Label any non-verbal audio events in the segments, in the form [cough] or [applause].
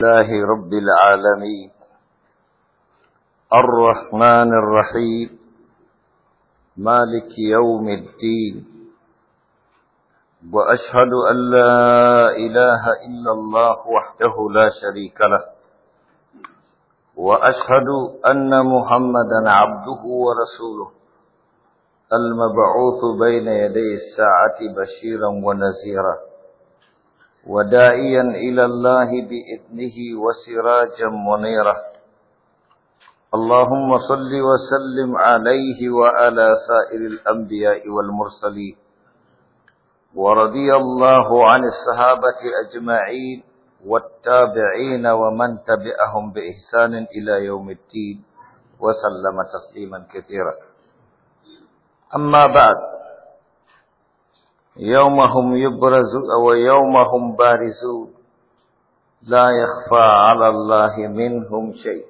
الله رب العالمين الرحمن الرحيم مالك يوم الدين وأشهد أن لا إله إلا الله وحده لا شريك له وأشهد أن محمدا عبده ورسوله المبعوث بين يدي الساعة بشيرا ونذيرا وداعيا إلى الله بإذنه وسراجا منيرا اللهم صل وسلم عليه وعلى سائر الأنبياء والمرسلين ورضي الله عن الصحابة أجمعين والتابعين ومن تبعهم بإحسان إلى يوم الدين وسلم تسليما كثيرا أما بعد يومهم يبرزون ويومهم بارزون لا يخفى على الله منهم شيء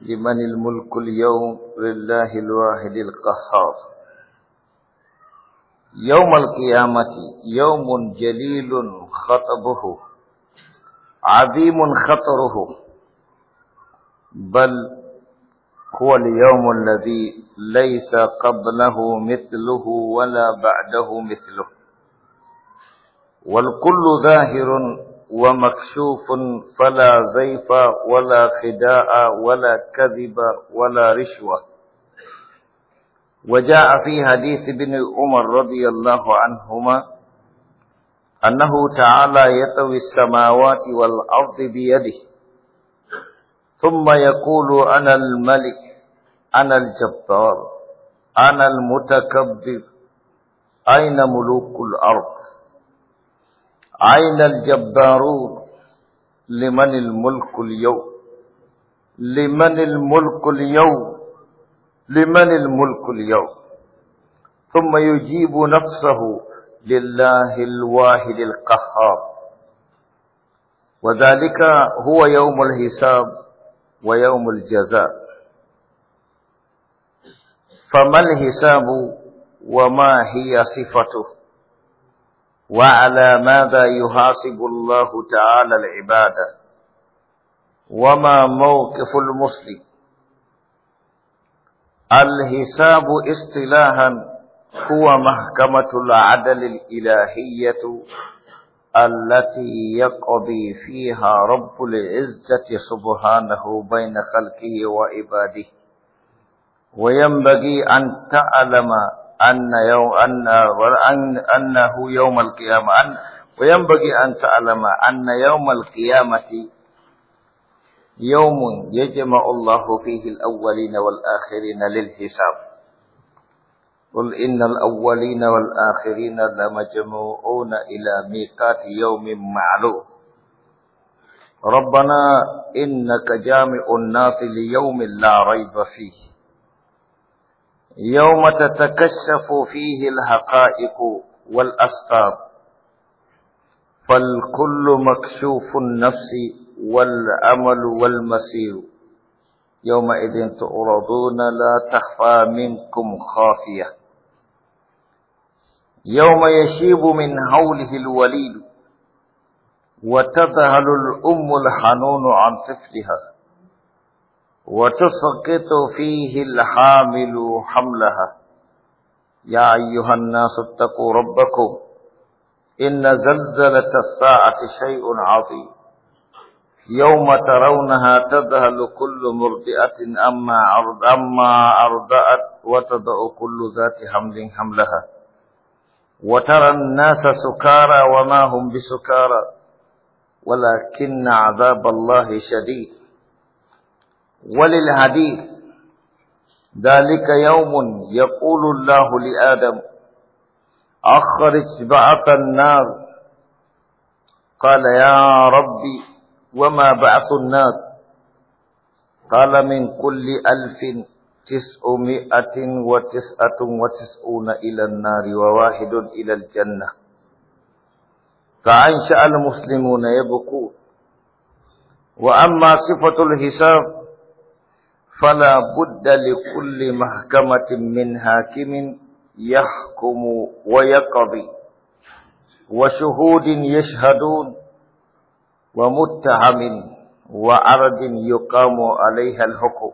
لمن الملك اليوم لله الواحد القهار يوم القيامة يوم جليل خطبه عظيم خطره بل هو اليوم الذي ليس قبله مثله ولا بعده مثله والكل ظاهر ومكشوف فلا زيف ولا خداع ولا كذب ولا رشوة وجاء في حديث ابن عمر رضي الله عنهما أنه تعالى يطوي السماوات والأرض بيده ثم يقول أنا الملك أنا الجبار أنا المتكبر أين ملوك الأرض أين الجبارون لمن الملك اليوم لمن الملك اليوم لمن الملك اليوم ثم يجيب نفسه لله الواحد القهار وذلك هو يوم الحساب ويوم الجزاء فما الحساب وما هي صفته وعلى ماذا يحاسب الله تعالى العباد وما موقف المسلم الحساب اصطلاحا هو محكمة العدل الإلهية التي يقضي فيها رب العزة سبحانه بين خلقه وعباده وينبغي أن تعلم أن يوم أن أنه يوم القيامة أن وينبغي أن تعلم أن يوم القيامة يوم يجمع الله فيه الأولين والآخرين للحساب قل إن الأولين والآخرين لمجموعون إلى ميقات يوم معلوم ربنا إنك جامع الناس ليوم لا ريب فيه يوم تتكشف فيه الحقائق والأسطاب فالكل مكشوف النفس والعمل والمسير يومئذ تعرضون لا تخفى منكم خافيه يوم يشيب من هوله الوليد وتذهل الأم الحنون عن طفلها وتسقط فيه الحامل حملها يا أيها الناس اتقوا ربكم إن زلزلة الساعة شيء عظيم يوم ترونها تذهل كل مرضئة أما أرضأت وتضع كل ذات حمل حملها وترى الناس سكارى وما هم بسكارى ولكن عذاب الله شديد وللحديث ذلك يوم يقول الله لآدم أخرج بعث النار قال يا ربي وما بعث النار قال من كل ألف تسعمائة وتسعة وتسعون إلى النار وواحد إلى الجنة فأنشأ المسلمون يبكون وأما صفة الحساب فلا بد لكل محكمة من حاكم يحكم ويقضي وشهود يشهدون ومتهم وعرض يقام عليها الحكم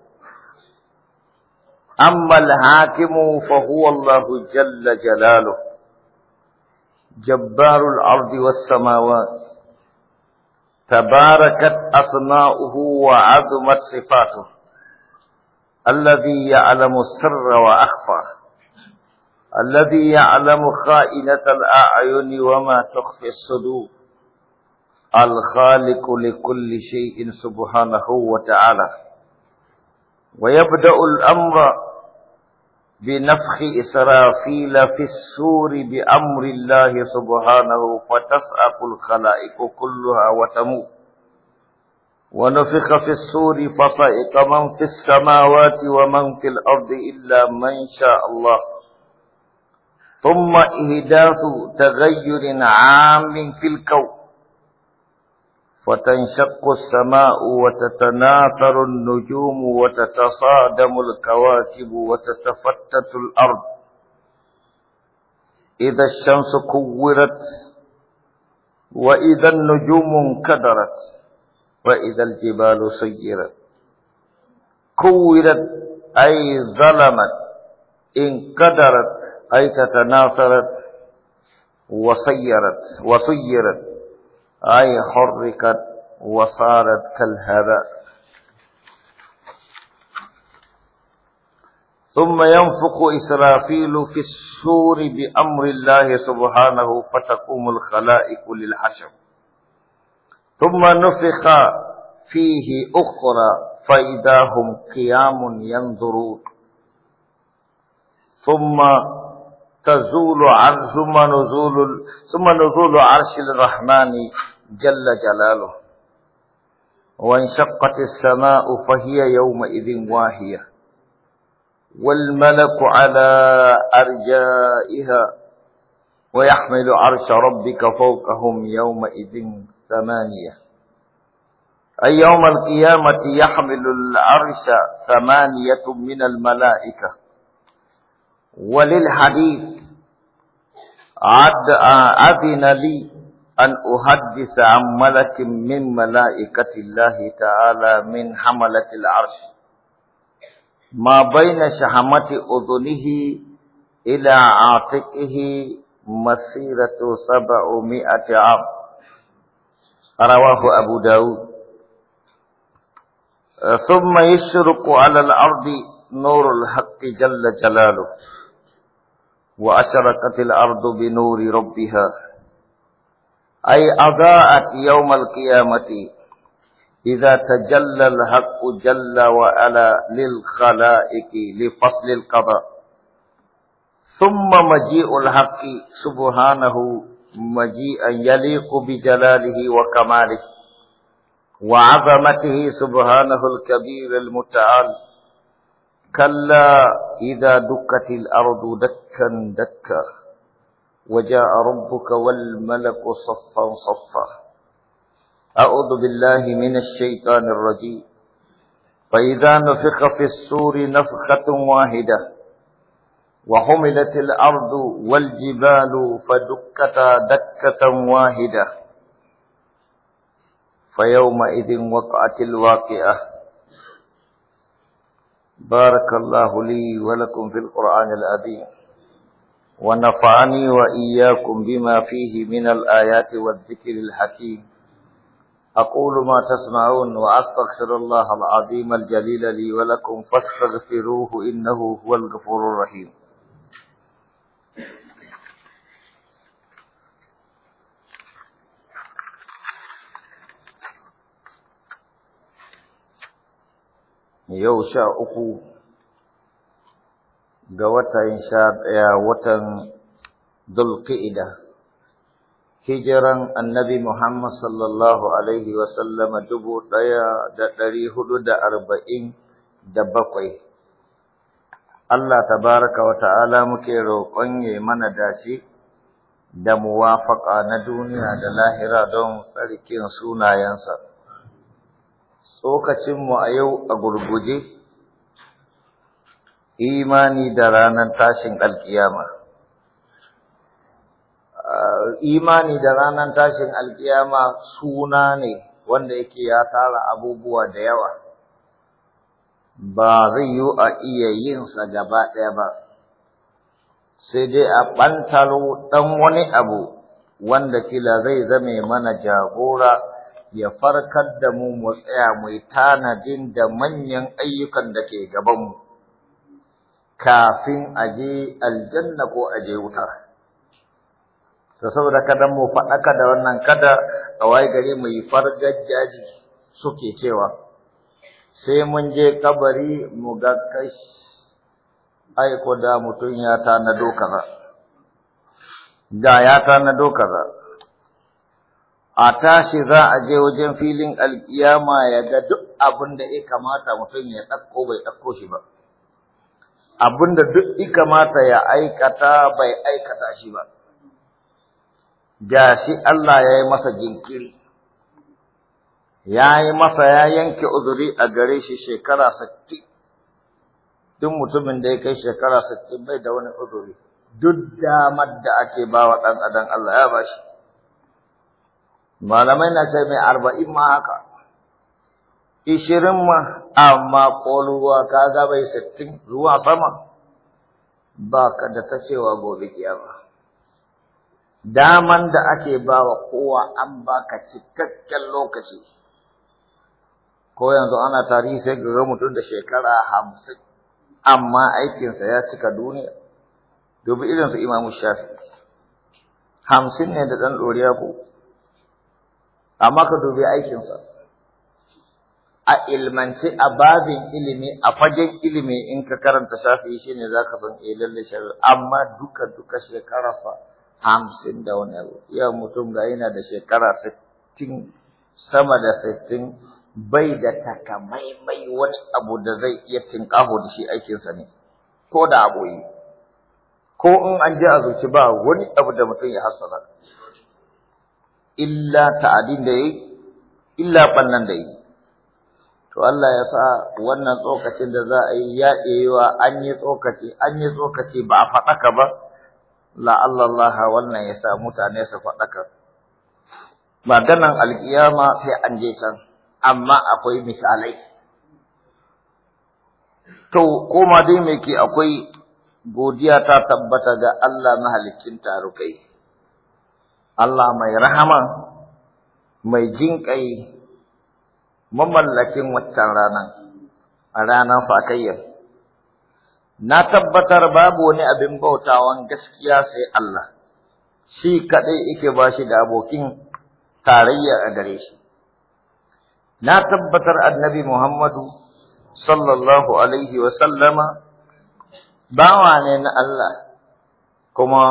أما الحاكم فهو الله جل جلاله جبار الأرض والسماوات تباركت أصناؤه وعظمت صفاته الذي يعلم السر وأخفى الذي يعلم خائنة الأعين وما تخفي الصدور الخالق لكل شيء سبحانه وتعالى ويبدأ الأمر بنفخ إسرافيل في السور بأمر الله سبحانه فتسأق الخلائق كلها وتموت ونفخ في السور فصائق من في السماوات ومن في الأرض إلا من شاء الله ثم إهداث تغير عام في الكون وتنشق السماء وتتناثر النجوم وتتصادم الكواكب وتتفتت الأرض إذا الشمس كورت وإذا النجوم انكدرت وإذا الجبال سيرت كورت أي ظلمت انكدرت أي تتناثرت وسيرت وسيرت أي حركت وصارت كالهباء ثم ينفق إسرافيل في السور بأمر الله سبحانه فتقوم الخلائق للحشر ثم نفخ فيه أخرى فإذا هم قيام ينظرون ثم تزول عن ثم نزول ثم نزول عرش الرحمن جل جلاله وانشقت السماء فهي يومئذ واهية والملك على أرجائها ويحمل عرش ربك فوقهم يومئذ ثمانية أي يوم القيامة يحمل العرش ثمانية من الملائكة وللحديث عد أذن لي أن أحدث عن ملك من ملائكة الله تعالى من حملة العرش ما بين شحمة أذنه إلى عاتقه مسيرة سبعمائة عام رواه أبو داود ثم يشرق على الأرض نور الحق جل جلاله وأشرقت الأرض بنور ربها أي أضاءت يوم القيامة إذا تجلى الحق جل وعلا للخلائق لفصل القضاء ثم مجيء الحق سبحانه مجيئا يليق بجلاله وكماله وعظمته سبحانه الكبير المتعال كلا إذا دكت الأرض دكا دكا وجاء ربك والملك صفا صفا أعوذ بالله من الشيطان الرجيم فإذا نفخ في السور نفخة واحدة وحملت الأرض والجبال فدكتا دكة واحدة فيومئذ وقعت الواقعة بارك الله لي ولكم في القرآن العظيم ونفعني وإياكم بما فيه من الآيات والذكر الحكيم أقول ما تسمعون وأستغفر الله العظيم الجليل لي ولكم فاستغفروه إنه هو الغفور الرحيم yau sha uku ga watan sha ɗaya watan dulƙi'ida hijiran annabi Muhammad sallallahu alaihi wasallama dubu ɗaya da ɗari hudu da arba'in da bakwai. Allah tabaraka wa ta'ala muke roƙon ya mana dashi da muwafaƙa na duniya da lahira don tsarkin sunayensa. tsokacinmu a yau a gurguje imani da ranar tashin alkiyama ah, imani da ranar tashin alkiyama suna ne wanda yake ya tara abubuwa da yawa ba zai yi a iya yinsa gaba ɗaya ba sai dai a ɓantaro ɗan wani abu wanda kila zai zame mana jagora ya farkar da mu mu tsaya mu tanadin da manyan ayyukan da ke gaban mu kafin a je aljanna ko a je wuta. To saboda kada mu faɗaka da wannan kada a waye gari mu yi jaji suke cewa sai mun je kabari mu ga kashi ko da mutum ya tanado kaza. Da ya tanado kaza. a tashi za a je wajen filin alkiyama ya ga duk abin da ya kamata mutum ya ɗauko bai ɗauko shi ba abin da duk ya kamata ya aikata bai aikata shi ba shi Allah ya yi masa jinkiri ya yi masa ya yanke uzuri a gare shi shekara sittin duk mutumin da ya kai shekara sittin bai da wani uzuri duk damar da ake ba wa ɗan adam Allah ya ba shi malamai na sai mai arba'in ma haka ishirin ma amma ƙoluwa ka ga yi sittin zuwa sama ba ka da ta cewa gobe ba. daman da ake ba wa kowa an baka cikakken lokaci ko yanzu ana tarihi sai ga mutum da shekara hamsin amma aikinsa ya cika duniya dubi irinsu imamu shafi hamsin ne da ɗan ɗoriya ko amma ka dubi aikinsa a ilmance a babin ilimi a fagen ilimi in ka karanta shafi shi ne za ka san eh lalle shari'a amma duka duka fa hamsin da wani abu yau mutum ga yana da shekara sittin sama da sittin bai da takamaimai wani abu da zai iya tinkaho da shi aikinsa ne ko da aboyi ko in an je a zuci ba wani abu da mutum ya hassana illa ta'adin da yayi illa bannan da yayi to Allah ya sa wannan tsokacin da za a yi ya ɗewa an yi tsokaci an yi tsokaci ba a faɗaka ba la Allah wannan ya sa mutane su faɗaka maganan alkiyama sai an je can amma akwai misalai to ko ma dai me ke akwai godiya ta tabbata ga Allah mahaliccin tarukai Allah mai rahama mai jinƙai mamallakin waccan ranar a ranar fakayyar na tabbatar babu wani abin bautawan gaskiya sai Allah shi kaɗai yake ba shi da abokin tarayya a gare shi na tabbatar annabi Muhammadu sallallahu alaihi wa bawa ne na Allah kuma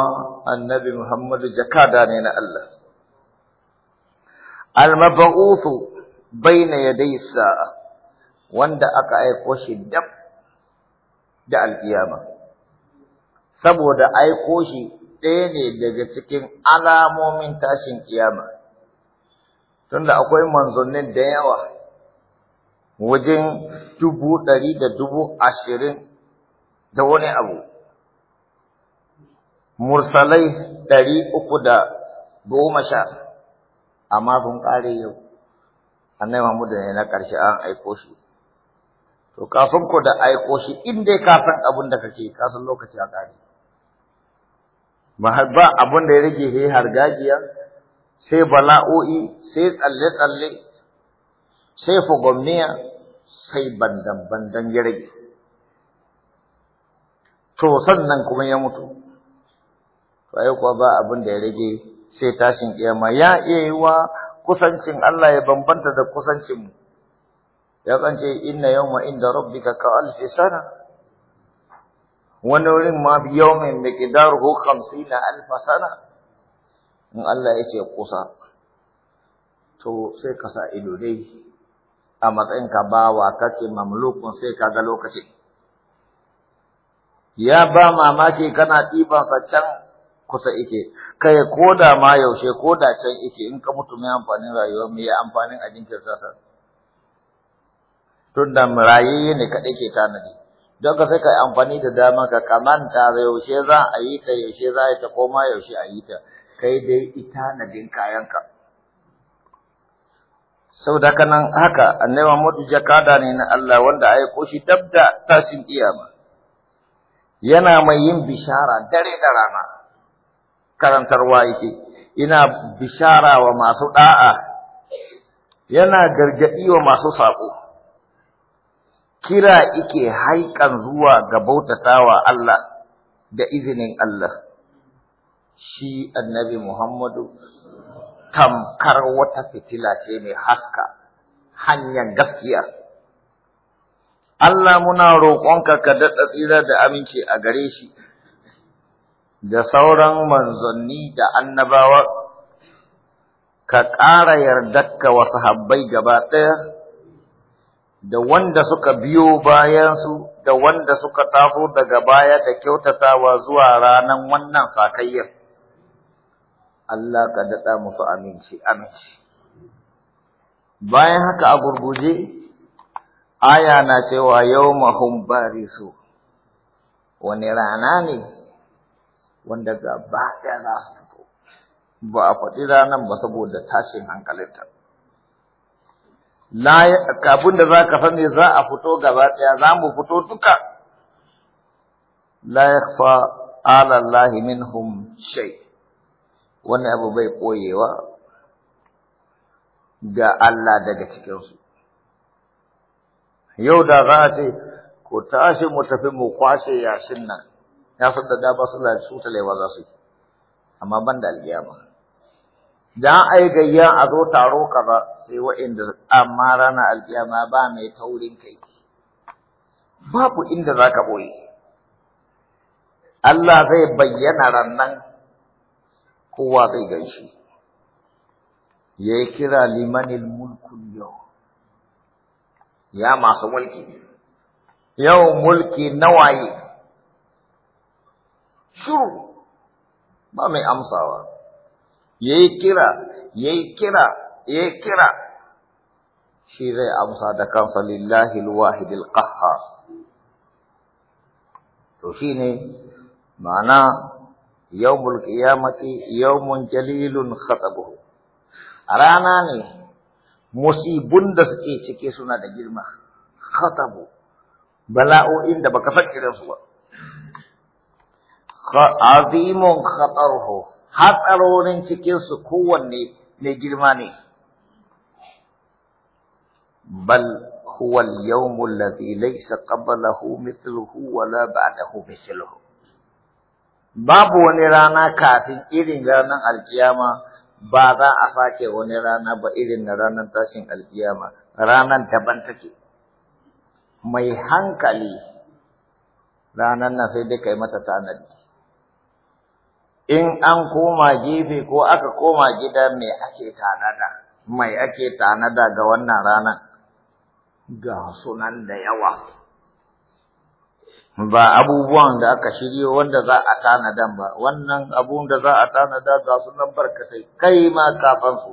annabi Muhammadu jakada ne na Allah al-mab'uthu baina yaday sa'a wanda aka aiko shi dab da alkiyama saboda aiko shi ɗaya ne daga cikin alamomin tashin kiyama tunda akwai manzonin da yawa wajen dubu ɗari da dubu ashirin da wani abu mursalai ɗari uku da goma sha amma kun ƙare yau annai mahmudu ne na ƙarshe an aiko shi to kafin ku da aiko shi in ka san abin da kake ka san lokaci a ƙare ba abin da ya rage sai hargajiya sai bala'o'i sai tsalle-tsalle sai fugomniya sai bandan-bandan ya rage to sannan kuma ya mutu ai kuwa ba abin da ya rage sai tashin kiyama ya iya yi wa kusancin Allah ya bambanta da kusancin mu ya kance inna yawma inda rabbika ka alfi sana wani wurin ma bi yawmin miqdaruhu 50 alf sana in Allah yake kusa to sai ka sa ido dai a matsayin ka bawa kake mamlukun sai ka ga lokacin ya ba mamaki kana sa can kusa ike kai ko da ma yaushe ko da can ike in ka mutu mai amfanin rayuwa mai amfanin a jinkirta sasa tun da rayayye ne kaɗai ke tanadi don ka sai ka yi amfani da dama ka kamanta da yaushe za a yi ta yaushe za a yi ta koma yaushe a yi ta kai dai ita na kayan kayanka saboda haka nan haka annabi mutu jakada ne na Allah wanda ya koshi dabda tashin kiyama yana mai yin bishara dare da rana karantarwa yake ina bishara wa masu da'a yana gargadi wa masu sako kira ike haikan zuwa ga bautatawa Allah da izinin Allah shi annabi Muhammadu tamkar wata fitila ce mai haska hanyar gaskiya Allah muna roƙonka ka daɗa tsira da aminci a gare shi da sauran manzanni da annabawa ka ƙara yarda wa sahabbai gaba ɗaya da wanda suka biyo bayansu da wanda suka taho daga baya da kyautatawa zuwa ranar wannan sakayyar Allah ka daɗa musu aminci aminci bayan haka a gurguje aya na cewa yau mahun su. wani rana ne wanda gaba ɗaya za su fito ba a faɗi ranar ba saboda tashin hankalinta kafin da za ka sani za a fito gaba ɗaya za mu fito duka la alalahi ala Allah minhum shay wani abu bai koyewa ga Allah daga cikinsu yau da za a ce ku tashi mu tafi mu kwashe yashin nan ya san da da ba su talewa za su yi amma ban da alƙiyama dan ai gayya a zo taro kaza sai wa'inda amma rana alƙiyama ba mai taurin kai babu inda za ka ɓoye Allah zai bayyana rannan kowa zai ganshi ya yi kira limanin mulkun yau ya masu mulki yau mulki nawaye Shuru! ba mai amsawa yayi kira yi kira yi kira shi zai amsa da kansa lillahi alwahidil qahhar to ne ma'ana yawmul qiyamati yawmun jalilun A rana ne musibun da suke cike suna da girma khatabu bala'o'in da baka san su ba azimun khatarhu hatsarorin cikinsu kowanne mai girma ne bal huwa al-yawm alladhi laysa qablahu mithluhu wa la ba'dahu mithluhu babu wani rana kafin irin ranar alkiyama ba za a sake wani rana ba irin na ranar tashin alkiyama ranar daban mai hankali ranar nan sai dai yi mata tanadi in an koma gefe ko aka koma gida mai ake tanada mai ake tanada ga wannan ranar ga sunan da yawa ba abubuwan da aka shirya wanda za a tanadan ba wannan abun da za a tanada ga sunan barkatai kai ma kafan su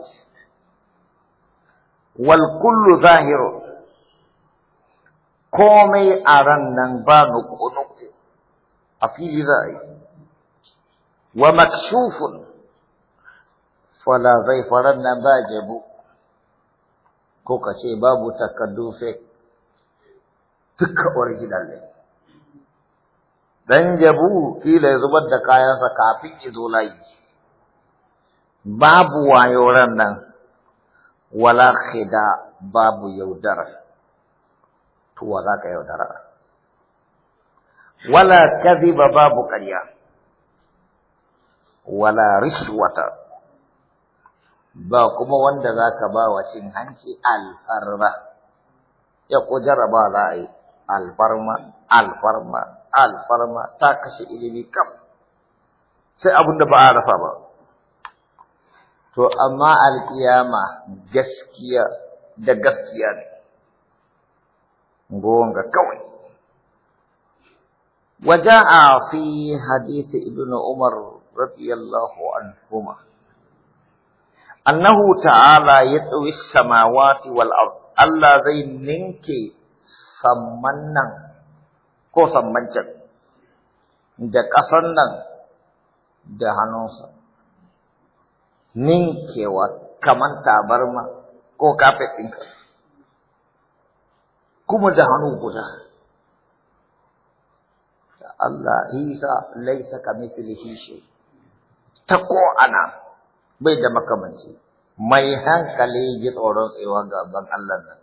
wal kullu zahiru komai a ran nan ba nuku nuku a fili za a yi wa maksufun fala zai faran nan ba jabu ko ka ce babu takardu fake tuka original ne dan jabu kila zubar da kayansa kafin ya zo layi babu wayoran nan wala khida babu yaudar to za ka yaudara wala kadhiba babu ƙarya wala riswata ba kuma wanda zaka ba wa cin hanci alfarma ya kujara ba za a yi alfarma alfarma alfarma ta kashe ilimi kam sai abin da ba a rasa ba to amma alkiyama gaskiya da gaskiya ne gowon ga kawai وجاء في حديث ابن عمر radiyallahu anhuma annahu ta'ala yatwi samawati wal ard Allah zai ninke samman nan ko samman can da kasan nan da hannunsa ninkewa kaman tabarma ko kafet ɗinka kuma da hannu guda Allah isa laisa kamithlihi shay'un ta ko'ana bai da makamanci mai hankali ji tsoron tsewa ban Allah nan.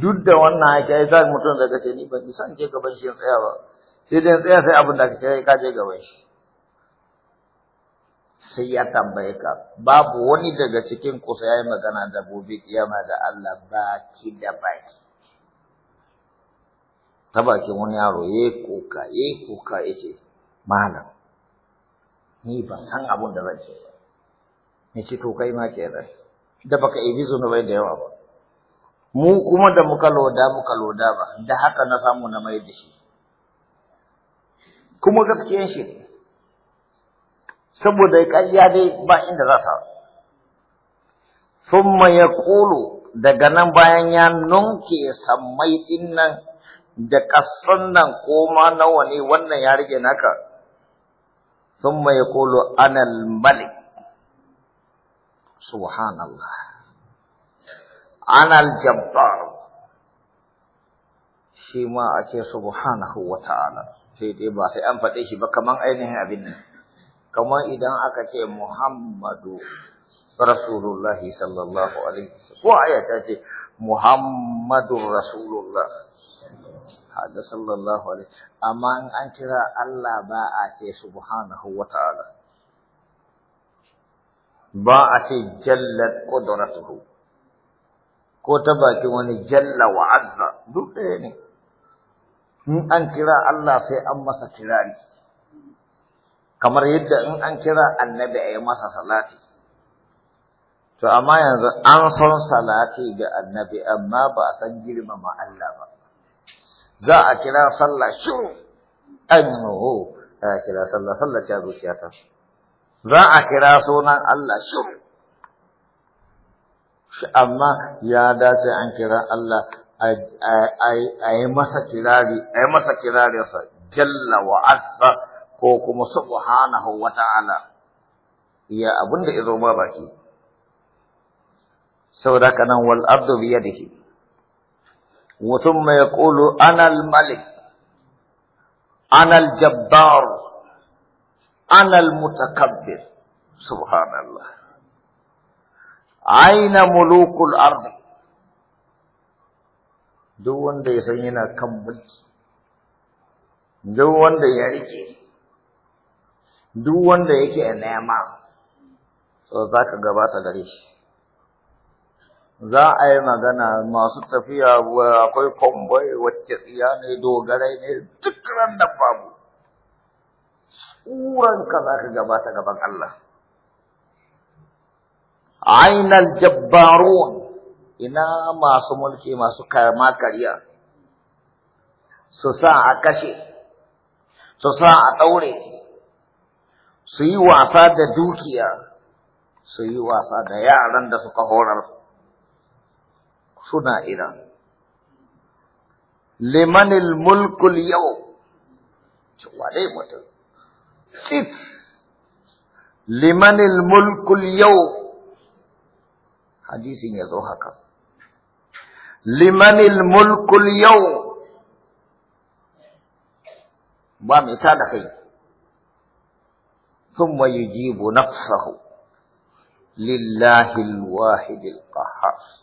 Duk da wannan haka ya sa mutum daga ce ni ban san ce gaban shi tsaya ba, sai dai tsaya sai abin da ka ka je gaban shi. Sai ya tambaye ka, babu wani daga cikin ku ya yi magana da gobe kiyama da Allah baki da baki. Ta bakin wani yaro ya yi kuka, ya yi kuka ya Malam, ni ba san abun da zan ce ba ni ce to kai ma kenan da baka ibi zunubai da yawa ba mu kuma da muka loda muka loda ba da haka na samu na mai da shi kuma gaskiyan shi saboda ƙarya dai ba inda za ta summa ya ƙulu daga nan bayan ya nunke sammai ɗin da ƙasan nan ma nawa ne wannan ya rage naka ثم يقول أنا الملك سبحان الله Shi ma شما أتي سبحانه وتعالى sai dai ba sai an faɗe shi ba kaman ainihin abin nan kaman idan aka ce Muhammadu Rasulullahi sallallahu alaihi ko aya ta ce Muhammadur Rasulullah da sallallahu alaihi amma in an kira Allah ba a ce subhanahu wa ta'ala ba a ce jallat qudratuhu ko ta baki wani jalla wa azza duk ɗaya ne in an kira Allah sai an masa kirari kamar yadda in an kira annabi a yi masa salati to amma yanzu an san salati ga annabi amma ba a san girmama Allah ba za a kira sallah shiru annahu za a kira sallah sallah ta zuciya ta za a kira sunan Allah shiru amma ya dace an kira Allah a yi masa kirari a yi masa kirarinsa jalla wa azza ko kuma subhanahu wa ta'ala iya abinda ya zo ma baki saboda kanan wal abdu biyadihi Mutum mai أنا الملك أنا anal أنا المتكبر سبحان الله أين ملوك الأرض duk wanda ya san yana kan mulki duk wanda ya rike duk wanda yake nema so za ka gabata gare shi za a yi magana masu tafiya akwai kwamboi wacce tsiya ne dogarai ne duk ran da babu tsuranka za ka gabata gaban Allah ainal jabbarun ina masu mulki masu kama karya su sa a kashe su sa a ɗaure su yi wasa da dukiya su yi wasa da yaran da suka horar سنا ایران لمن الملک اليوم چوارے مطلب صرف لمن الملک اليوم حدیث یہ دوہا کا لمن الملک اليوم با مثال ہے ثم يجيب نفسه لله الواحد القهار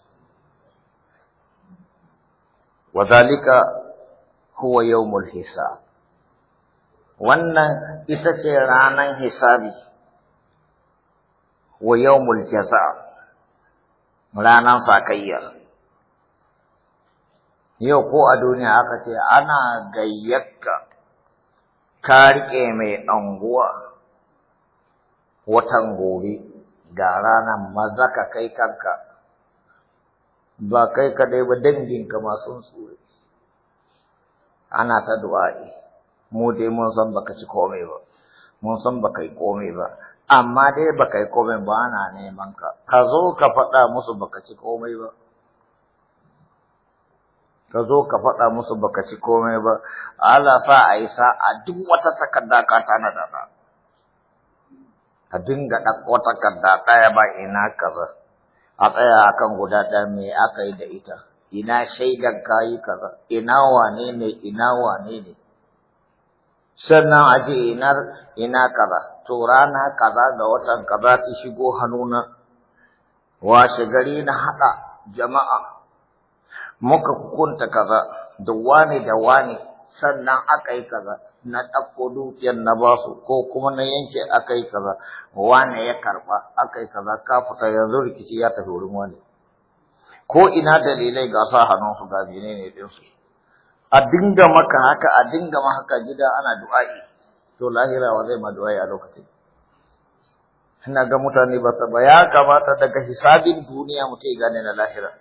wazalika huwa yawmul hisab wannan ita ce ranar hisabi wa yawmul jaza ranar sakayya yau ko a duniya aka ce ana gayyaka. ka riƙe mai anguwa watan gobe ga ranar maza ka kai kanka ba kai kaɗai ba danginka ma sun tsure ana ta du'a'i mu dai mun san baka ci komai ba mun san baka yi komai ba amma dai baka yi komai ba ana neman ka ka zo ka faɗa musu baka ci komai ba ka zo ka faɗa musu baka ci komai ba Allah sa a yi sa'a duk wata takarda ka tana da ka dinga ɗauko takarda ɗaya ba ina kaza a tsaya akan guda ɗaya me aka yi da ita ina shaidan kayi kaza ina wane ne ina wane ne sannan a ji inar, ina kaza to rana kaza da watan kaza ta shigo hannuna washe gari na haɗa jama'a muka hukunta kaza da wane da wane sannan aka yi kaza na ɗauko dukiyar na ba su ko kuma na yanke aka yi kaza wane ya karɓa aka yi kaza ka fita yanzu rikici ya tafi wurin wani ko ina dalilai ga sa su ga ɗin ɗinsu a dinga maka haka a dinga maka haka gida ana du'a'i to lahira wa zai ma du'a'i a lokacin ina ga mutane ba ta ba ya kamata daga hisabin duniya mutum ya gane na lahira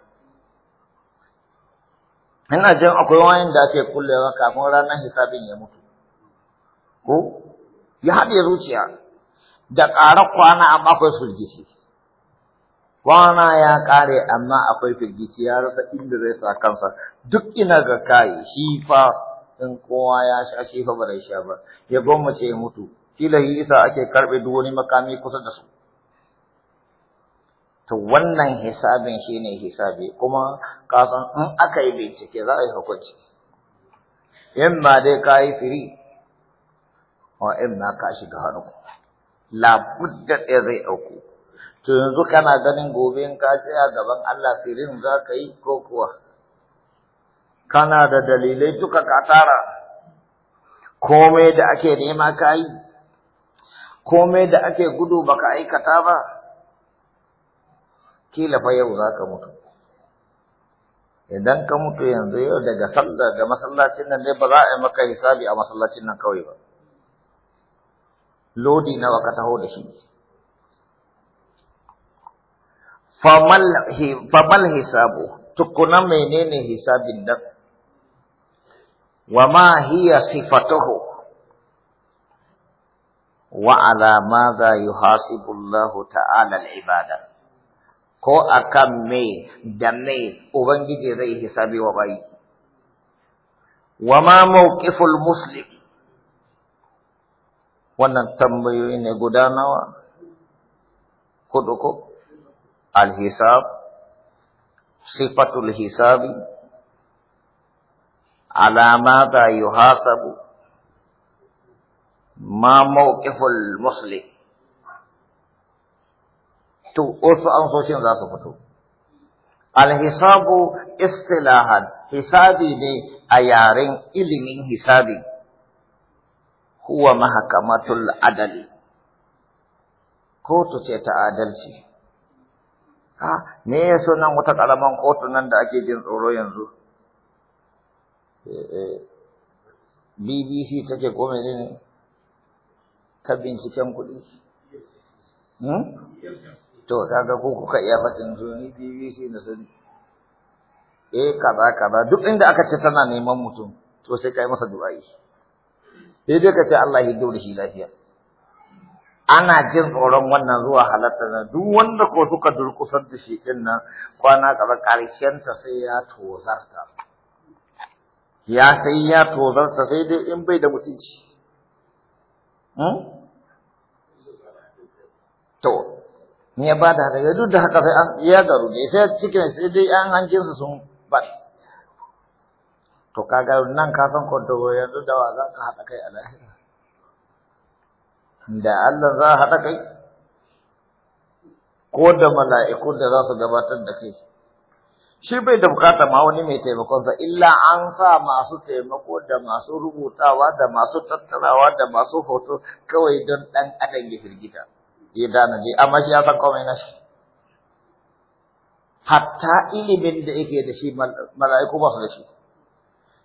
ina jin akwai wayan da ake kullewa kafin ranar hisabin ya mutu ko ya haɗe zuciya da ƙara kwana amma akwai firgici kwana ya ƙare amma akwai firgici ya rasa inda zai sa kansa duk ina ga kai, shi fa in kowa ya sha shi fa ba zai sha ba ya gwammace ya mutu kila yi isa ake karɓe duk wani makami kusa da su to wannan hisabin shine hisabi kuma kasan in aka yi bincike za a yi hukunci imma dai ka yi firi wa in ma ka shiga hannu labudda ɗaya zai auku to yanzu kana ganin gobe in ka tsaya gaban Allah firin za ka yi ko kuwa kana da dalilai duka ka tara komai da ake nema ka yi komai da ake gudu baka aikata ba kila fa yau za ka mutu idan ka mutu yanzu yau daga sallah, da masallacin nan dai ba za a yi maka hisabi a masallacin nan kawai ba lodi nawa ka taho da shi famal hisabu tukuna menene hisabin nan wa ma hiya sifatuhu wa ala za yuhasibu Allah ta'ala al-ibada ko akan me da me ubangiji zai hisabi wa bai wa mawqiful muslim wannan tambayoyi ne guda nawa kudu ko al-hisab sifatul hisabi alamata yuhasabu ma mawqiful muslim to wasu amsoshin za su fito alhisabu istilahan hisabi ne a yaren ilimin hisabi huwa mahakamatul adali kotu ce ta adalci ha me ya nan wata ƙaramin kotu nan da ake jin tsoro yanzu eh, eh, BBC take ko ne ta binciken kuɗi hmm? to kaga ko kuka iya faɗin su ni BBC na sani eh kaza kaza duk inda aka ce tana neman mutum to sai kai masa du'a'i sai dai ka ce Allah ya dole shi lafiya ana jin tsoron wannan zuwa halatta na duk wanda ko suka durkusar da shi din nan kwana kaza karshen ta sai ya tozarta ya sai ya tozarta sai dai in bai da mutunci hmm? to me ya bada daga duk da haka sai an ya garu ne sai cikin sai dai an su sun ba to kaga nan ka san ya yanzu da wa za ka haɗa kai a lahira da Allah za a haɗa kai ko da mala'iku da za su gabatar da kai shi bai da bukata ma wani mai taimakonsa illa an sa masu taimako da masu rubutawa da masu tattarawa da masu hoto kawai don ɗan adam ya firgita. na tanadi amma shi ya san komai na shi hatta ilimin da yake da shi mala'iku ba su da shi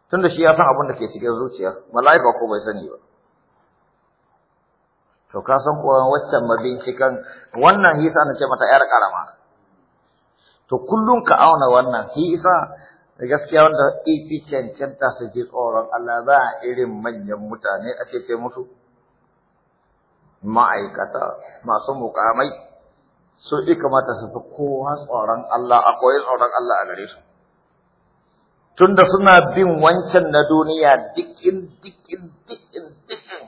tunda shi ya san abin da ke cikin zuciya mala'ika ko bai sani ba to ka san kuwa waccan mabincikan wannan hisa na ce mata yar karama to kullun ka auna wannan hisa da gaskiya wanda ifi cancanta su ji tsoron Allah ba irin manyan mutane ake ce musu ma'aikata masu mukamai su ya kamata su fi kowa tsoron Allah akwai tsoron Allah a gare su tunda suna bin wancan na duniya dikin dikin dikin dikin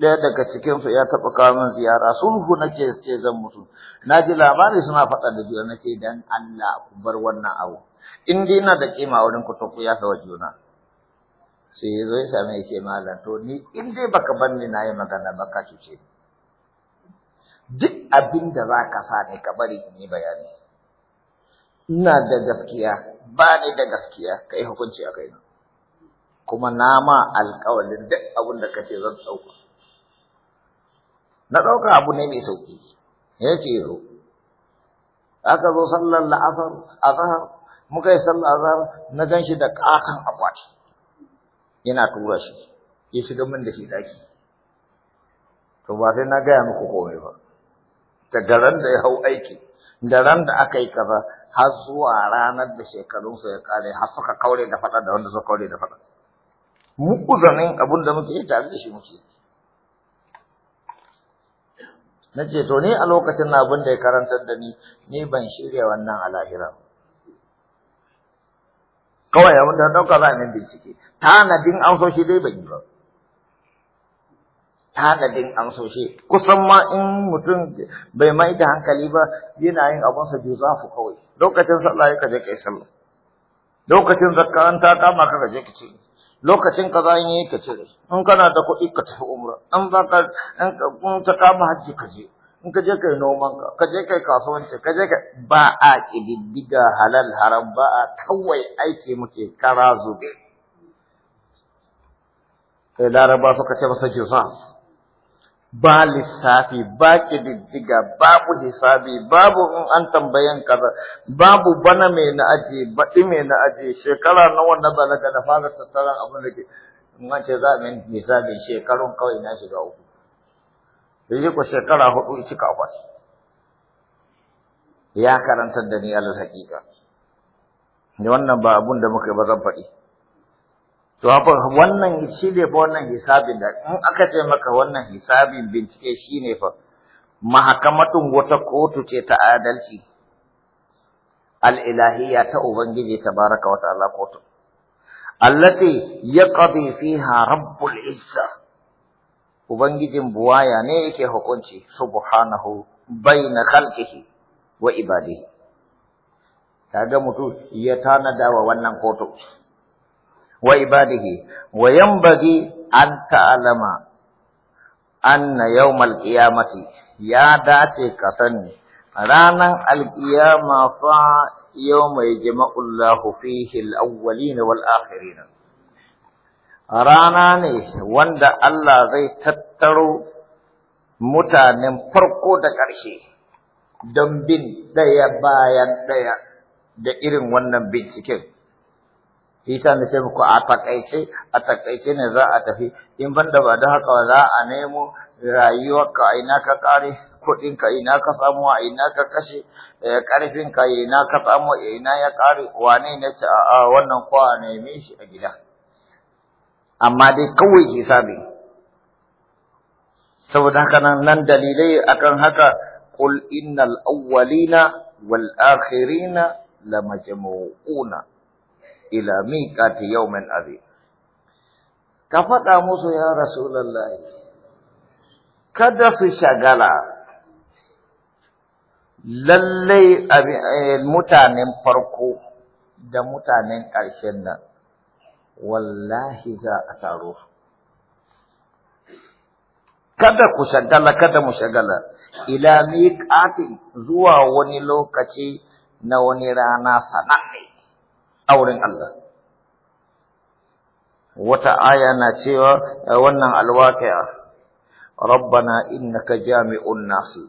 ɗaya daga cikinsu ya taɓa kawo ziyara sulhu nake ce zan mutu na ji labari suna faɗa da juna ce dan Allah ku bar wannan abu in dai da kima wurin ku to ku yafe wa juna sai ya zo ya same ya ce malam to ni in dai baka bar ni na yi magana ba ka cuce duk abin da za ka sa ne ka bari in yi bayani ina da gaskiya ba ni da gaskiya ka yi hukunci a kaina kuma na ma alƙawarin duk abin da ce zan ɗauka na ɗauka abu ne mai sauƙi ya ce zo aka zo sallar la'asar a zahar muka yi sallar zahar na gan shi da ƙaton akwati yana tura shi ya shiga min da shi daki to ba sai na gaya muku komai ba Da garan da ya hau aiki da ran da aka yi kaza har zuwa ranar da shekarun su ya kare har suka kaure da faɗa da wanda suka kaure da faɗa mu uzanin abin da muke yi tare da shi muke na ce to ni a lokacin na abin da ya karantar da ni ni ban shirya wannan al'ahiran. kawai abin da ɗauka za a min bincike tanadin amsoshi dai ban yi ba tanadin amsoshi kusan ma in mutum bai mai da hankali ba yana yin abinsa juzafu kawai lokacin sallah ya kaje kai sallah lokacin zakka ta kama ka kaje ka ce. lokacin kaza za yi ka cire in kana da kuɗi ka tafi umra in za ka in ta kama hajji ka je in ka je kai noman ka ka je kai kasuwanci ka je ba a kididdiga halal haram ba a kawai aiki muke kara zube kai laraba suka ce masa jisas ba lissafi ba kididdiga babu hisabi babu in an tambayan kaza babu bana mai na aje baɗi mai na aje shekara nawa na balaga da fara tattara abin da ke in an ce za a min hisabin shekarun kawai na shiga uku da yi ku shekara hudu cika akwati ya karantar da ni alal hakika ne wannan ba abun da muka ba zan faɗi to wannan shi ne ba wannan hisabin da in aka ce maka wannan hisabin bincike shi ne fa mahakamatun wata kotu ce ta adalci al'ilahiyya ta Ubangiji tabaraka wa ta'ala kotu allati yaqdi fiha rabbul izzah ubangijin buwaya ne yake hukunci subhanahu na khalqihi wa ibadihi kaga mutum ya tanada wa wannan kotu wa ibadihi wa yanbaghi an ta'lama anna yawmal qiyamati ya dace ka sani ranan alqiyama fa yau mai jima'ullahu fihi al-awwalin wal akhirin rana ne wanda Allah zai tattaro mutanen farko da ƙarshe don bin ɗaya bayan ɗaya da irin wannan binciken. Isa na ce muku a takaice, a takaice ne za a tafi, in banda ba da haka za a nemo rayuwarka a ina ka ƙare, kuɗinka ina ka samu a ina ka kashe, eh, ƙarfinka ina ka samu a ina ya ƙare, wane ne ce a wannan kwa neme shi a gida. amma dai kawai hisabi saboda haka nan nan dalilai akan haka qul innal awwalina wal akhirina lamajmu'una ila miqati yawmin azim ka fada musu ya rasulullahi kada su shagala lalle lallai mutanen farko da mutanen ƙarshen nan wallahi za a taro kada ku shagala kada mu shagala ila miqati zuwa wani lokaci na wani rana sananne auren Allah wata aya na cewa eh, wannan alwaqi'a rabbana innaka jami'un nasi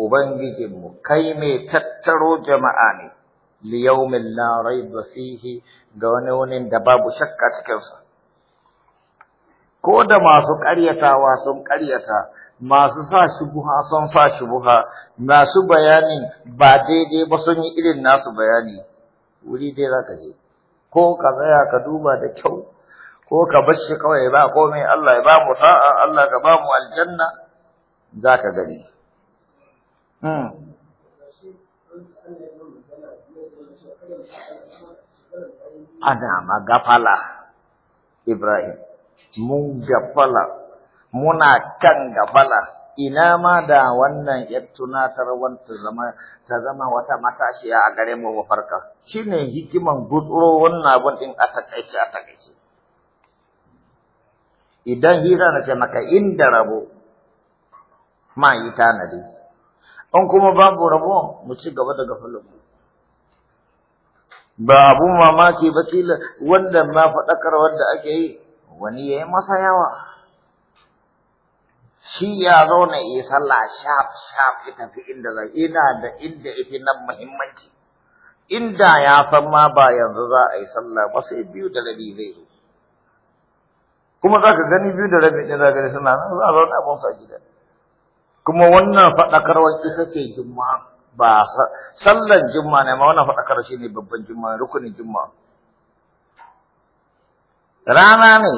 ubangijinmu kai mai tattaro jama'a ne liyaumin la raiba fihi ga wani wani da babu shakka cikinsa ko da masu ƙaryatawa sun ƙaryata masu sa shubuha sun sa buha. masu bayani ba daidai ba sun yi irin nasu bayani wuri dai za ka je ko ka tsaya ka duba da kyau ko ka bar shi kawai ba komai Allah ya ba mu sa'a Allah ka ba mu aljanna za ka gani hmm. ana magafala Ibrahim mun gafala muna kan gafala ina ma da wannan yar tunatarwar ta zama ta zama wata matashiya a gare mu mafarka shine hikiman gutsuro wannan abun din a takaice a takaice idan hira na ce maka inda rabo ma yi tanadi in kuma babu rabo mu ci gaba da gafalin ba abun mamaki ba kila wanda ma faɗakar wanda ake yi wani ya yi masa yawa shi ya zauna yi sallah shaf shaf ita tafi inda zai ina da inda ifi nan muhimmanci inda ya san ma ba yanzu za a yi sallah ba sai biyu da rabi zai zo kuma za ka gani biyu da rabi ne za ka gani suna nan za a zauna abun sa gida kuma wannan faɗakarwar ita ce juma'a ba sallan juma'a ne ma wannan faɗakar shi ne babban juma'a rukunin juma'a rana ne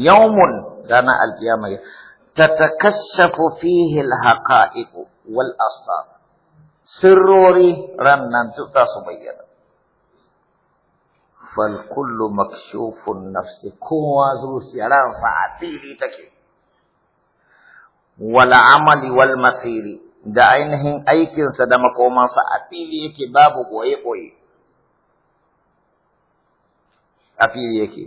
yawmun rana alkiyama tatakashafu fihi alhaqa'iq wal asrar sirrori rannan za su bayyana fal kullu makshufun nafsi kowa zuci ransa fa'ati take wal amali wal masiri da ainihin aikinsa da makomansa a fili yake babu ɓoye-ɓoye. A fili yake,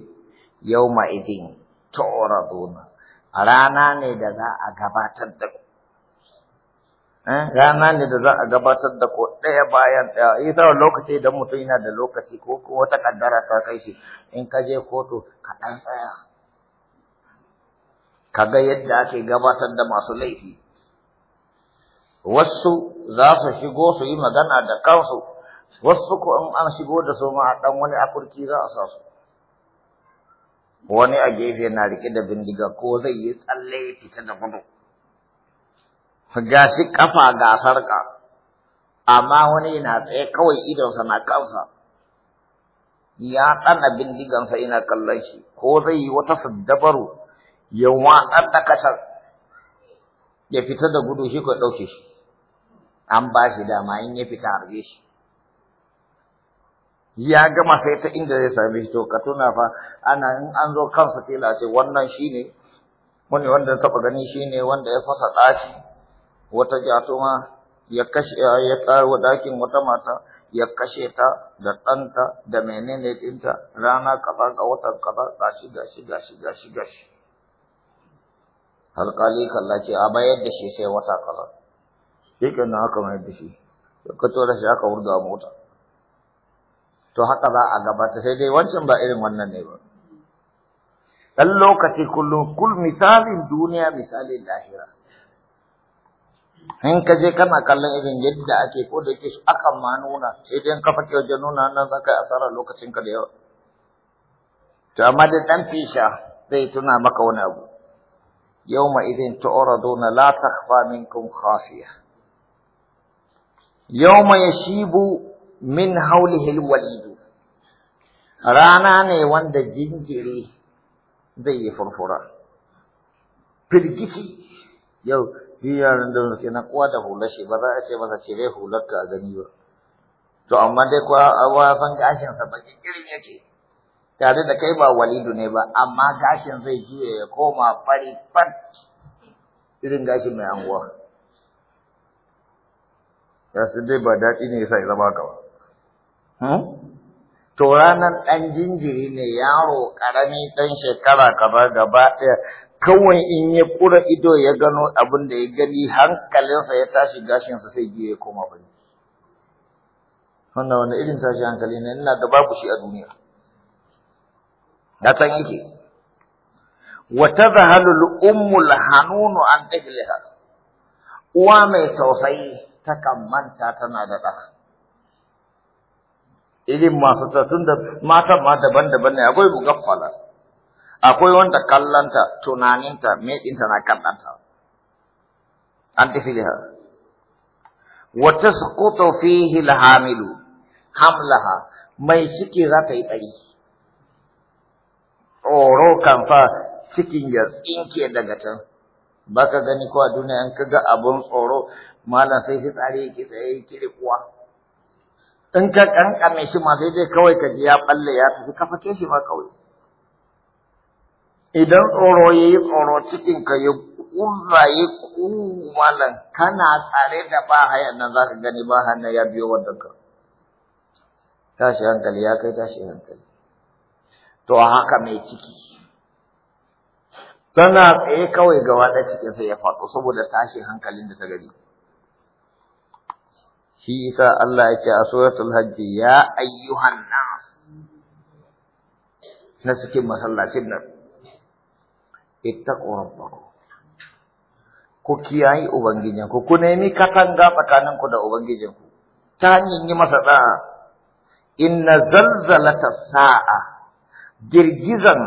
yau ma'idin tora zona, rana ne da za a gabatar da eh, Rana ne da za a gabatar da ko ɗaya bayan ɗaya, yi sauran lokaci idan mutum yana da lokaci ko kuma wata ƙaddara ta kai shi in ka je kotu ka ɗan tsaya. Ka ga yadda ake gabatar da masu laifi. wasu za su shigo su yi magana da kansu wasu ko in an shigo da su ma dan wani akurki za a sa su wani a gefe na rike da bindiga ko zai yi tsalle ya fita da gudu Ga shi kafa ga sarka amma wani yana tsaye kawai idonsa na kansa ya tsana bindigansa ina kallon shi ko zai yi wata saddabaru ya watsar da kasar ya fita da gudu shi ko ɗauke shi an ba shi dama in ya fita harbe shi ya gama sai ta inda zai same shi to ka tuna fa ana in an zo kansa tela sai wannan shine wani wanda taɓa gani shine wanda ya fasa daki wata jatuma ya kashe ya tsaro ɗakin wata mata ya kashe ta da ɗanta da menene ɗinta rana kaza ga watan kaza gashi gashi gashi gashi gashi alƙali kalla ce a bayar da shi sai wata kaza shi na aka mayar da shi ka tura shi aka wurga mota to haka za a gabata sai dai wancan ba irin wannan ne ba dan lokaci kullum kul misalin duniya misalin lahira in ka je kana kallon irin yadda ake ko da yake aka ma nuna sai dai ka fake wajen nuna nan za ka asara lokacin ka da yawa to amma da dan fisha zai tuna maka wani abu yawma idin tu'raduna la takhfa minkum khafiya yawma yashibu min haulihi alwalid rana ne wanda jinjiri zai yi furfura firgici yau duk yaran da suke na kuwa da hular shi ba za a ce masa cire hular ka a gani ba to amma dai kuwa abuwa san gashin sa baki irin yake tare da kai ba walidu ne ba amma gashin zai juya ya koma fari fat irin gashin mai anguwa ya su dai ba daɗi ne sa ya zama ka ba hmm? to ranar ɗan jinjiri ne yaro ƙarami ɗan shekara kaza gaba ɗaya kawai in ya ƙura ido ya gano abin da ya gani hankalinsa ya tashi gashinsa sai biyu ya koma bai wannan wani irin tashi hankali ne ina da babu shi a duniya na san yake وتذهل hanunu an عن Uwa mai tausayi takan manta tana da ɗa. Irin masu tattun da matan ma daban-daban ne, akwai kwala. akwai wanda kallanta, tunaninta, meɗinta na kallanta. An tafi liha. Wata sukuto fihi hamilu, hamlaha, mai ciki za ta yi ɓari. Tsoro kan fa cikin ya tsinke daga can. ka gani ko a duniya in ka ga abin tsoro malam sai fitsari yake tsaye yake rikuwa in ka kankame shi ma sai dai kawai ka ji ya balle ya tafi ka sake shi ma kawai idan tsoro ya yi tsoro cikin ka ya kuza ya ku kana tsare da ba haya nan ka gani ba hayan ya biyo wadda ka tashi hankali ya kai tashi hankali to haka mai ciki tana tsaye kawai gaba ɗaya cikinsa ya faɗo saboda tashi hankalin da ta gari shi isa Allah ya ce a suratul hajji ya ayyuhan nas na cikin masallacin nan ittaqu rabbakum ku kiyayi ubangijinku ku nemi katanga tsakaninku da ubangijinku ta hanyar yi masa da'a inna zalzalata sa'a girgizan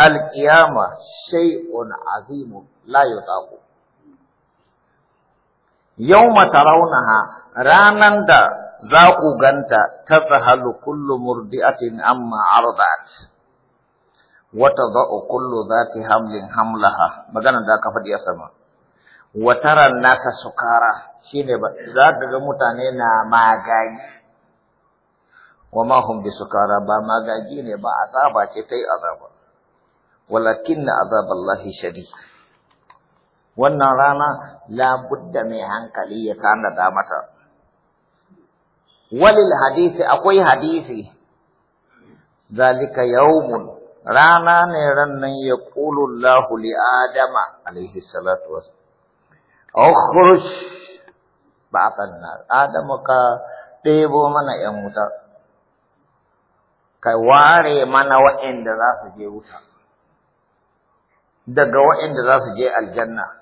alkiyama shay'un azimu la yutaqu Yau tarawnaha ranan da za ku ganta ta zahalu kullu murdi'atin amma ardat wa tadau kullu dhati hamlin hamlaha magana da aka faɗi ya sama Wataran nasa sukara shine za ka ga mutane na magani wa ma hum ba magaji ne ba azaba ce yi azaba walakin azaballahi shadid wannan rana labudda mai hankali ya tanada mata walil hadisi akwai hadisi zalika yawmun rana ne rannan ya ƙulu Allahu li Adama alaihi salatu wasu. ba a nar. Adamu ka ɗebo mana ‘yan wuta, ka ware mana waɗanda za su je wuta, daga waɗanda za su je aljanna.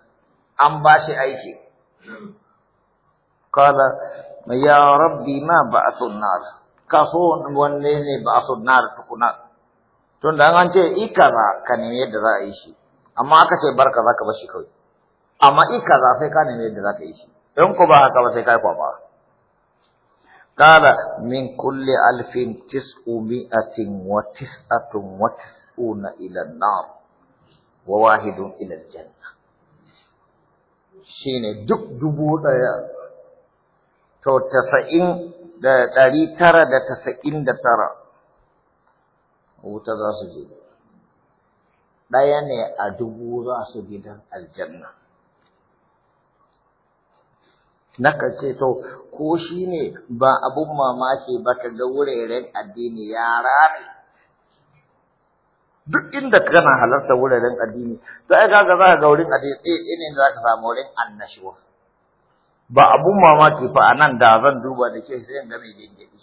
an ba shi aiki kala ya rabbi ma ba'athun nar so wanne ne a nar tukuna tun da an ce ikaza ka nemi yadda za a yi shi amma aka ce barka za ka bar shi kawai amma ikaza sai ka nemi yadda za ka yi shi in ku ba haka ba sai ka yi kwaba tis'u mi'atin wa tis'atun wa tis'una وتسعون nar, wa wahidun إلى الجنة shine duk dubu ɗaya to tasa'in da ɗari tara da tasa'in da tara wuta za su je ɗaya ne a dubu za su gidan aljanna naka ce to ko shi ne ba abun mamaki ba ka ga wuraren addini ya rame duk inda kana halarta wuraren addini to ai kaga za ga wurin addini tsaye eh, eh, ne za samu wurin annashuwa ba abun mamaki fa anan da zan duba da ke sai ga mai gingiri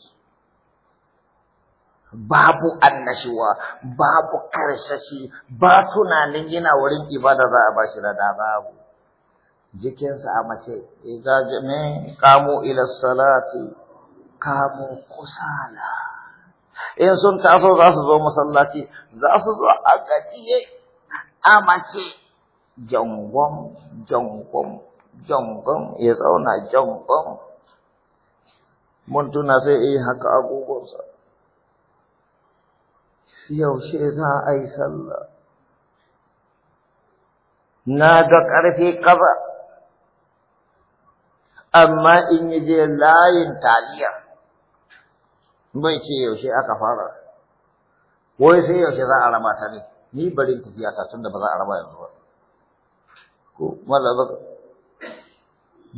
babu annashuwa babu karshashi ba tunanin yana wurin ibada za a bashi da babu jikinsa a mace idza me qamu ila salati kamu kusala in sun taso za su zo masallaci za su zo a gajiye a mace jangon jangon jangon ya zauna jangon mun tuna sai yi haka agogonsa yaushe za a yi sallah na ga ƙarfe kaza amma in yi je layin taliyar. Mai ce yaushe aka fara wai sai yaushe za a rama ta ne ni bari tafiya ta tunda ba za a rama yanzu ba ko malaba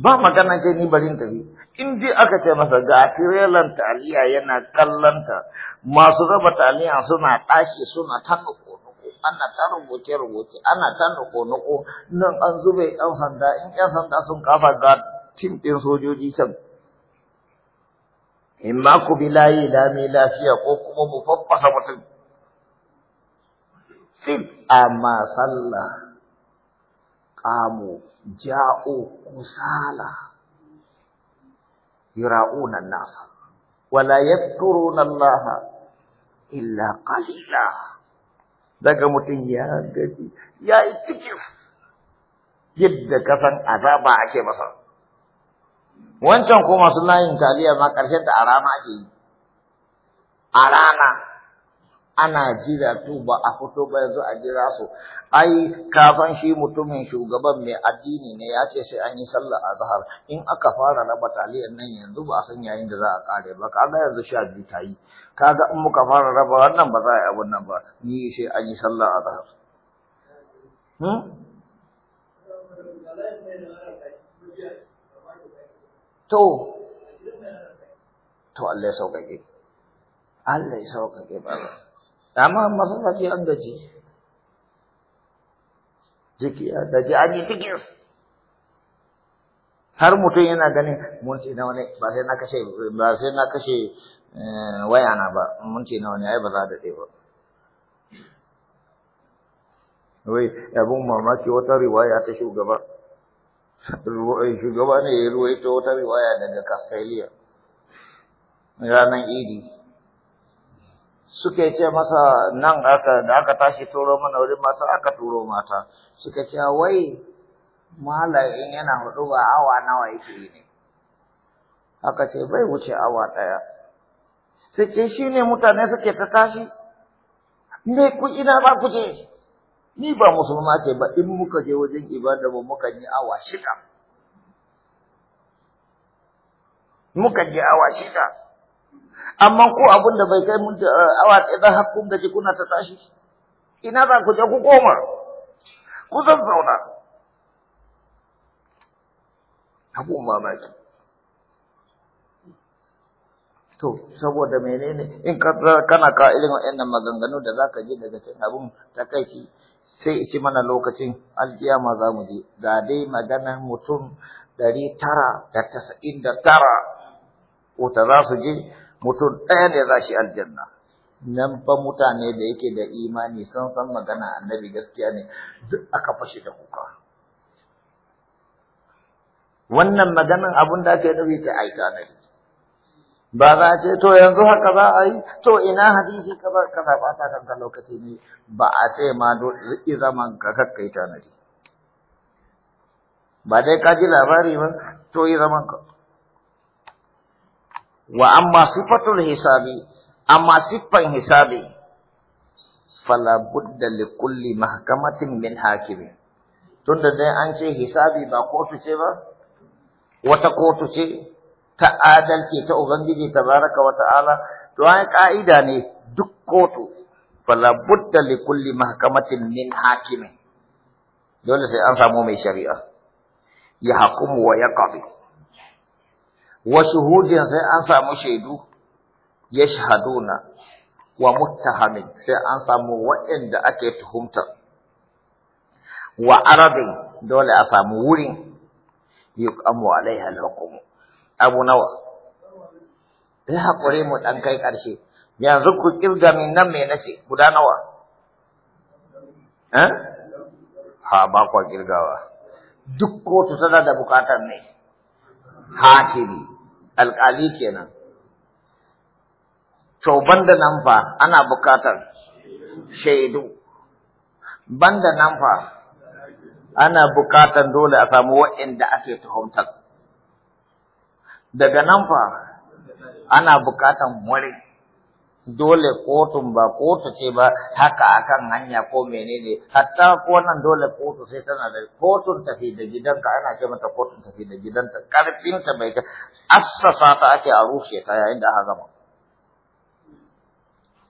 ba magana ce ni bari tafi in dai aka ce masa ga tirelan taliya yana kallanta masu raba taliya suna tashi suna ta nuko ana ta rubuce rubuce ana ta nuko nuko nan an zube yan sanda in yan sanda sun kafa ga tim din sojoji can in ma ku bi layi lami lafiya ko kuma mu faffasa mutum sit amma sallah qamu ja'u kusala yura'una an-nasa wala yadhkuruna Allah illa qalila daga mutum ya gaji ya yi yadda kasan azaba ake masa wancan ko masu layin taliya ma ƙarshen ta a rana ake yi a rana ana jira to ba a fito ba yanzu a jira su ai kafan shi mutumin shugaban mai addini ne ya ce sai an yi sallah a zahar in aka fara raba taliyar nan yanzu ba a san yayin da za a kare ba kaga yanzu sha biyu ta yi kaga in muka fara raba wannan ba za a yi abun nan ba ni sai an yi sallah a zahar hmm? to to Allah ya sauƙaƙe Allah ya sauƙaƙe ba amma masallaci an gaji jiki ya gaji an yi fikir har mutum yana ganin mun na wani ba sai na kashe ba sai na kashe eh, waya na ba mun na wani ai ba za da daɗe ba wai abun mamaki wata riwaya ta shugaba shugaba ne ya ruwaito wata riwaya daga Castelia ranar Idi suke ce masa nan da aka tashi turo mana wurin mata aka turo mata suka ce wai malayin yana hudu ba awa nawa yake yi ne aka ce bai wuce awa daya sai ce shi ne mutane suke ta tashi me ku ina ba ku je ni ba musulma ce ba in muka je wajen ibada mu muka yi awa shida muka yi awa shida amma ko abin da bai kai mun eh, awa ɗaya ba hakkun da ji kuna ta tashi ina za ku je ku koma ku zan zauna abun mamaki To, saboda menene in kana ka irin waɗannan maganganu da zaka ji daga cikin abun takaici sai ci mana lokacin alkiyama za mu je ga dai maganar mutum ɗari tara da tasa'in da tara wuta za su je mutum ɗaya ne za shi aljanna nan fa mutane da yake da imani sun san magana annabi gaskiya ne duk aka fashe da kuka wannan maganan abun da aka yi nufi ta aika na ba za ce to yanzu haka za a yi to ina hadisi ba ka ba ta kanka lokaci ne ba a ce ma duki zaman ka kakkai tanadi ba dai ka ji labari ba to yi zaman ka wa amma sifatul hisabi amma siffan hisabi fala budda li kulli mahkamatin min hakimi tunda dai an ce hisabi ba kotu ce ba wata kotu ce ta adalci ta ubangiji tabaraka wa ta'ala to ai ka'ida ne duk kotu fala budda li kulli mahkamatin min hakimin dole sai an samu mai shari'a ya hakumu wa yaqdi wa shuhudin sai an samu shaidu yashhaduna wa muttahamin sai an samu waɗanda ake tuhumta wa arabin dole a samu wurin yuqamu alaiha al-hukumu abu nawa sai haƙuri mu ɗan kai ƙarshe yanzu ku ƙirga min nan me nace guda nawa eh ha ba ku ƙirgawa duk kotu tana da buƙatar ne hakimi alƙali kenan to banda nan fa ana buƙatar shaidu banda nan fa ana buƙatar dole a samu waɗanda ake tuhumtar daga nan fa ana bukatan wani dole kotun ba kotu ce ba haka akan hanya ko menene hatta ko nan dole kotu sai tana da kotun tafi da gidanka ana ce mata kotun tafi da gidanta karfinta bai ka assasa ta ake a rushe ta yayin da aka gama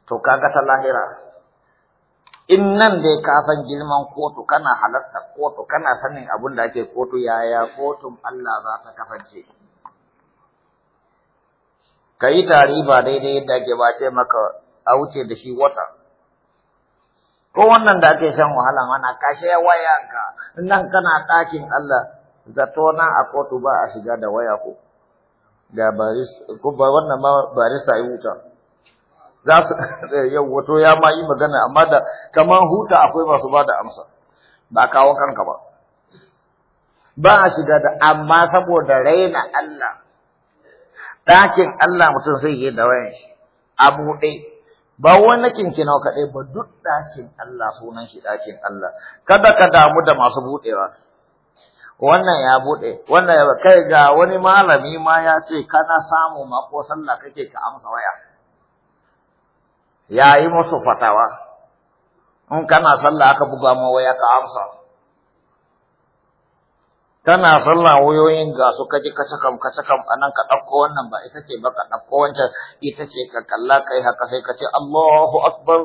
to kaga ta lahira in nan dai ka san girman kotu kana halarta kotu kana sanin abun da ake kotu yaya kotun Allah za ta kasance ka yi tari ba daidai yadda ake ba ce maka a wuce da shi wata ko wannan da ake shan wahala mana kashe waya ka nan kana ɗakin Allah zato nan a kotu ba a shiga da waya ko da baris ko ba wannan ba barista ya wuta. za su [laughs] yau wato ya ma yi magana amma da kaman huta akwai masu bada da amsa ba kawo kanka ba ba a shiga da amma saboda raina Allah ɗakin Allah mutum zai yi da wayan shi a buɗe ba wani kinkinau kaɗai ba duk ɗakin Allah sunan shi ɗakin Allah kada ka damu da masu buɗewa wannan ya buɗe wannan ya kai ga wani malami ma ya ce kana samu mako sallah kake ka amsa waya ya yi musu fatawa in kana sallah aka buga ma waya ka amsa kana sallah wayoyin ga su kaji kace kam anan ka dauko wannan ba ita ce ba ka dauko wancan ita ce ka kalla kai haka sai ka Allahu akbar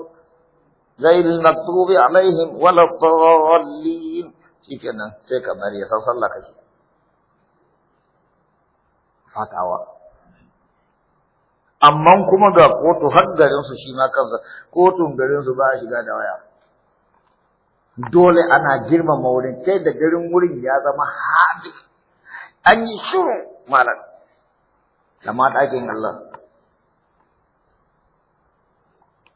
ghayril maktubi alaihim dallin shikenan sai ka bari ya sallah kake fatawa amma kuma ga kotu har garin su shi ma kansa kotun garin su ba a shiga da waya dole ana girmama wurin sai da garin wurin ya zama hadi an yi shiru malam amma ɗakin Allah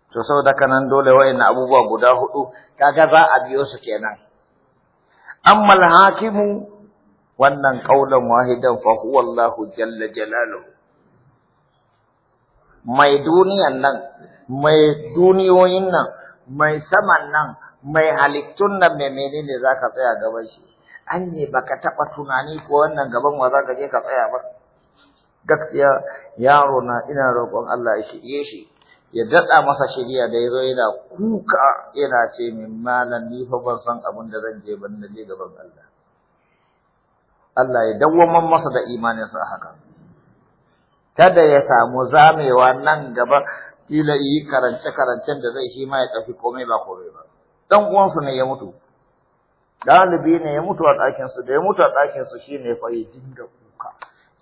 to saboda kanan dole wa'annan abubuwa guda hudu kaga za a biyo su kenan amma al-hakimu wannan kaulan wahidan fa huwa Allahu jalla jalalu mai duniyan nan mai duniyoyin nan mai saman nan mai halittun nan mai menene za ka tsaya gaban shi an ne ka taɓa tunani ko wannan gaban wa za ka je ka tsaya ba gaskiya yaro na ina roƙon Allah ya shirye shi ya daɗa masa shirya da ya zo yana kuka yana ce min malam ni fa ban san abin da zan je ban na je gaban Allah Allah ya dawwaman masa da imanin sa haka kada ya samu zamewa nan gaba kila yi karance-karancen da zai shi ma ya tafi komai ba komai ba dan uwansu ne ya mutu Dalibi ne ya mutu a ɗakinsu da ya mutu a ɗakinsu shi ne fa ya dinga kuka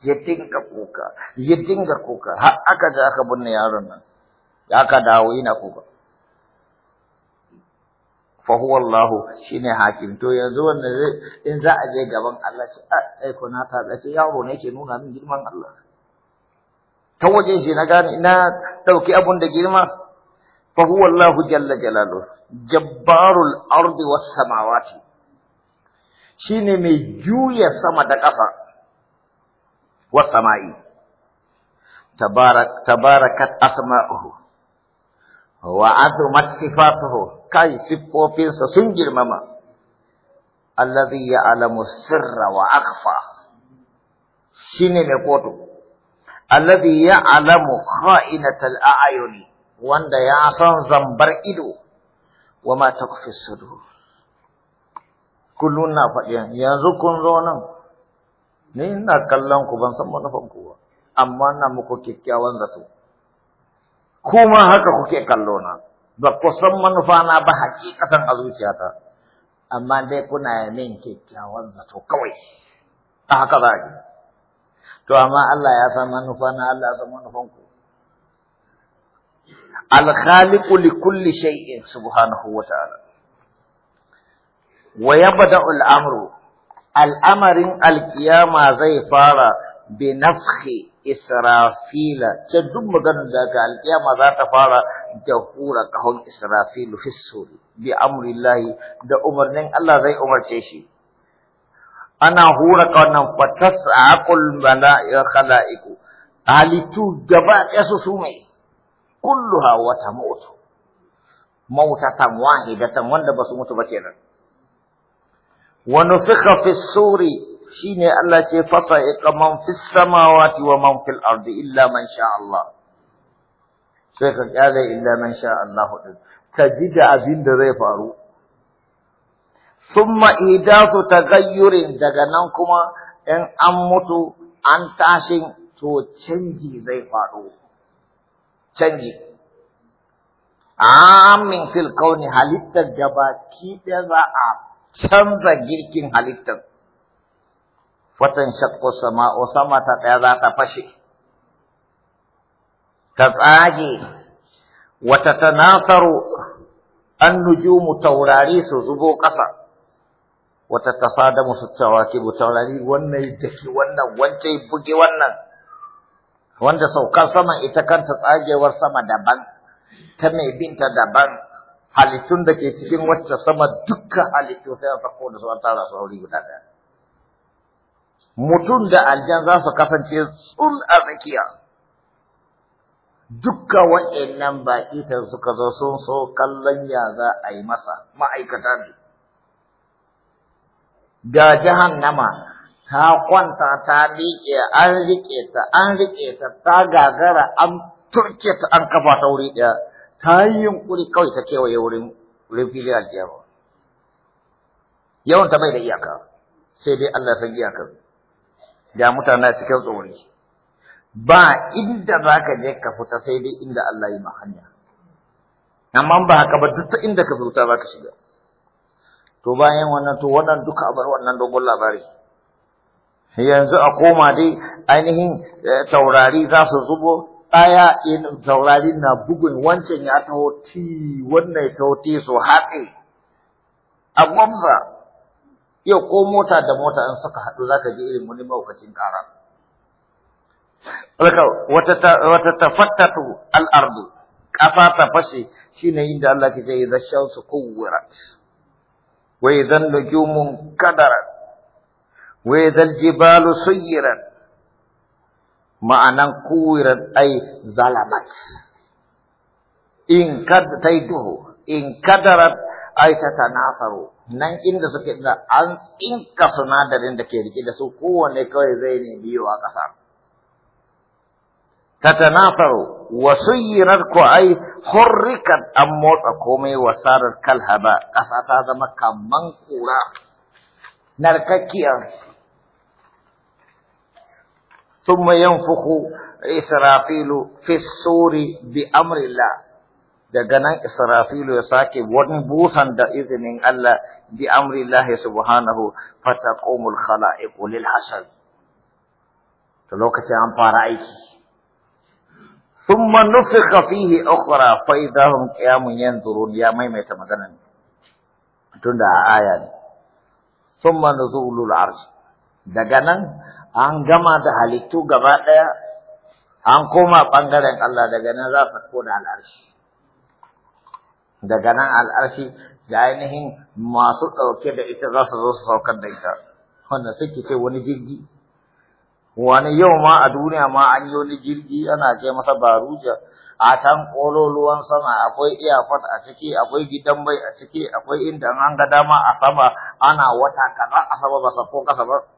ya dinga kuka ya dinga kuka har aka ji aka binne yaron nan ya ka dawo yana kuka fa huwa Allah shine hakim to yanzu wanda zai in za a je gaban Allah ce ah, ai ko na ta ce yaro ne ke nuna min girman Allah ta waje shi na gane na dauki abun da girma فهو الله جل جلاله جبار الأرض والسماوات شين مي جوية سما قصة والسماء تبارك تباركت أسماؤه وعظمت صفاته كاي سبو بينس سنجر مما الذي يعلم السر وأخفى شين مي الذي يعلم خائنة الأعين wanda ya san zambar ido wa ma takfi sudur kullun na faɗi yanzu kun zo nan ni ina kallon ku ban san manufan ku ba amma na muku kyakkyawan zato kuma haka kuke kallo na ba ku san manufa na ba hakikatan a zuciyata amma dai kuna min kyakkyawan zato kawai a haka za ki? to amma Allah ya san manufa na Allah ya san manufan ku الخالق لكل شيء سبحانه وتعالى ويبدأ الامر الأمر القيامة زي فارا بنفخ اسرافيل تدم مغن ذاك القيامة ذات فارا تفور كهون اسرافيل في السور بامر الله ده عمر نين الله زي عمر تشي أنا هو ركنا فتسعق الملائكة خلائكو halittu gaba ɗaya su su mai kulluha wa tamutu mautatan wahidatan wanda ba su mutu ba kenan wa nufikha fi suri shine Allah ce fasa iqa man fis samawati wa man fil ardi illa man sha Allah sai ka kyale illa man sha Allah din ka ji da abin da zai faru thumma idathu tagayyurin daga nan kuma in an mutu an tashin to canji zai faru canji amin fil kauni halittar gabaki ɗaya za a canza girkin halittar fatan shakku sama sama ta ɗaya za ta fashe ta tsage wata nasaru. an nujumu taurari su zubo ƙasa wata tasadamu su tawakibu taurari wannan daki wannan wancan buge wannan wanda saukar sama ita kanta tsagewar sama daban ta mai binta daban halittun da ke cikin wacce sama dukka halittu sai a sako da su tara su wuri guda ɗaya mutum da aljan za su kasance tsun a tsakiya dukka nan baƙi ta suka zo sun so kallon ya za a yi masa ma'aikata ne ga nama. ta kwanta ta liƙe an riƙe ta an riƙe ta ta gagara an turke ta an kafa ta wuri ɗaya ta yi yunƙuri kawai ta kewaye wurin wurin fili aljihar yawan ta bai da iyaka sai dai Allah san iyakar da mutane cikin tsori ba inda za ka je ka fita sai dai inda Allah yi ma hanya amma ba haka ba duk ta inda ka fita za ka shiga to bayan wannan to wannan duka abar wannan dogon labari yanzu a koma dai ainihin eh, taurari za su zubo ɗaya in taurari na bugun wancan ya taho ti wannan ya taho ti su haɗe a gwamza yau ko mota da mota in suka haɗu za ka ji irin wani maukacin ƙara wata tafattatu al'ardu ƙasa ta fashe shi yin inda Allah ke ce idan shamsu Wai zan idan nujumun kadarat وإذا jibalu suyiran. معنى كورت ay zalamat. إن قد تيده In قدرت أي nan inda suke da an tsinka sinadarin da ke rike da su kowanne kawai zai ne biyo a ƙasa tatanafaru wa suyiran ku ai hurrikat an motsa komai wasarar kalhaba ƙasa ta zama kaman kura narkakkiyar ثم ينفخ إسرافيل في السور بأمر الله daga nan Israfilu ya sake wani busan da izinin Allah bi amri Allah subhanahu fataqumul khalaiq lil hasad to lokacin an fara aiki thumma nufikha fihi ukhra fa idahum qiyamun yanzurun ya maimaita maganan tunda a aya ne thumma nuzulul arsh daga nan an gama da halittu gaba ɗaya an koma ɓangaren Allah daga nan za su ko da al'arshi daga nan al'arshi da ainihin masu ɗauke da ita za su zo su saukar da ita wanda suke ce wani jirgi wani yau ma a duniya ma an yi wani jirgi ana ce masa baruja a can ƙololuwan sama akwai iyafat a ciki akwai gidan mai a ciki akwai inda an ga dama a sama ana wata kaza a sama ba sako kasa ba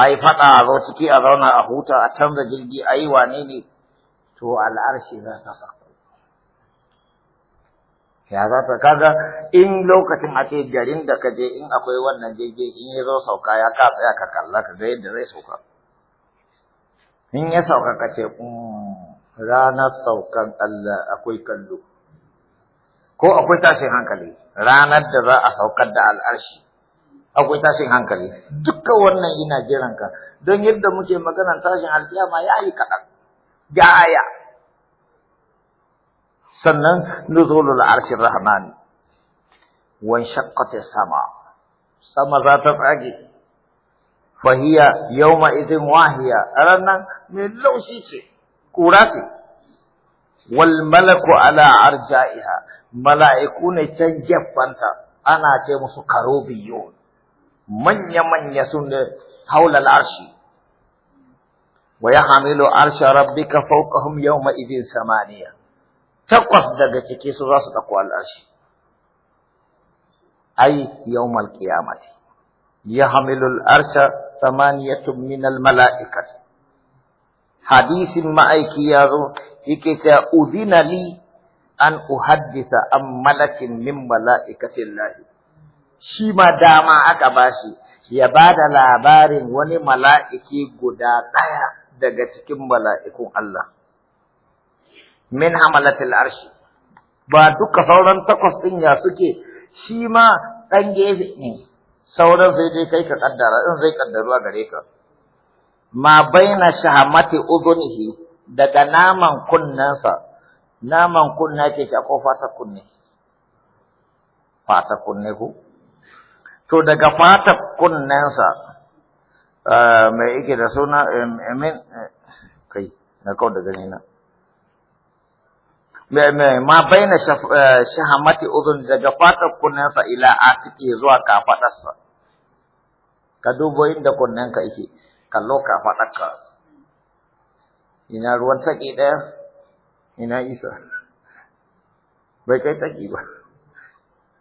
a yi faɗa a zo ciki a zauna a huta a canza jirgi a yi wane ne to al'arshi za ta sa ya za ta kaga in lokacin a ce garin da ka je in akwai wannan jirgi in ya zo sauka ya ka tsaya ka kalla ka ga yadda zai sauka in ya sauka ka ce mm, ranar saukan Allah akwai kallo ko akwai tashin hankali ranar da za a saukar da al'arshi akwai tashin hankali dukkan wannan ina jiran ka don yadda muke maganar tashin alkiyama ya yi kaɗan ga aya sannan nuzulul arshir rahman wan shaqqati sama sama za ta tsage fahiya yawma idin wahiya ranan mai laushi ce kura ce wal malaku ala arja'iha mala'iku ne can gefanta ana ce musu karobiyon manya-manya sun haula al'arshi wa yahmilu arsha rabbika fawqahum yawma idin samaniya takwas daga ciki su za su dauko al'arshi ai yawmal qiyamati yahmilu al'arsha samaniyatun min al-mala'ikati hadisin ma'aiki ya zo yake ta udina li an uhaddisa an malakin min mala'ikatin lahi shi ma dama aka bashi ya ba da labarin wani mala'iki guda ɗaya daga cikin mala'ikun Allah. Min hamalatil arshi, ba duka sauran takwas ɗin ya suke, shi ma ɗan gefe ne, sauran zai dai kai ka ƙaddara in zai ƙaddaruwa gare ka. Ma baina shahamati uzunihi daga naman kunnensa, naman kunna ke a ko fata kunne. Fata kunne ku? to daga fatar kunnensa mai ike da suna emin kai na kawo daga nina ma bai na shahamati uzun daga fatar kunnensa ila a atike zuwa kafadarsa ka dubo inda kunnenka ike kallo kafadarka ina ruwan taki daya ina isa bai kai taki ba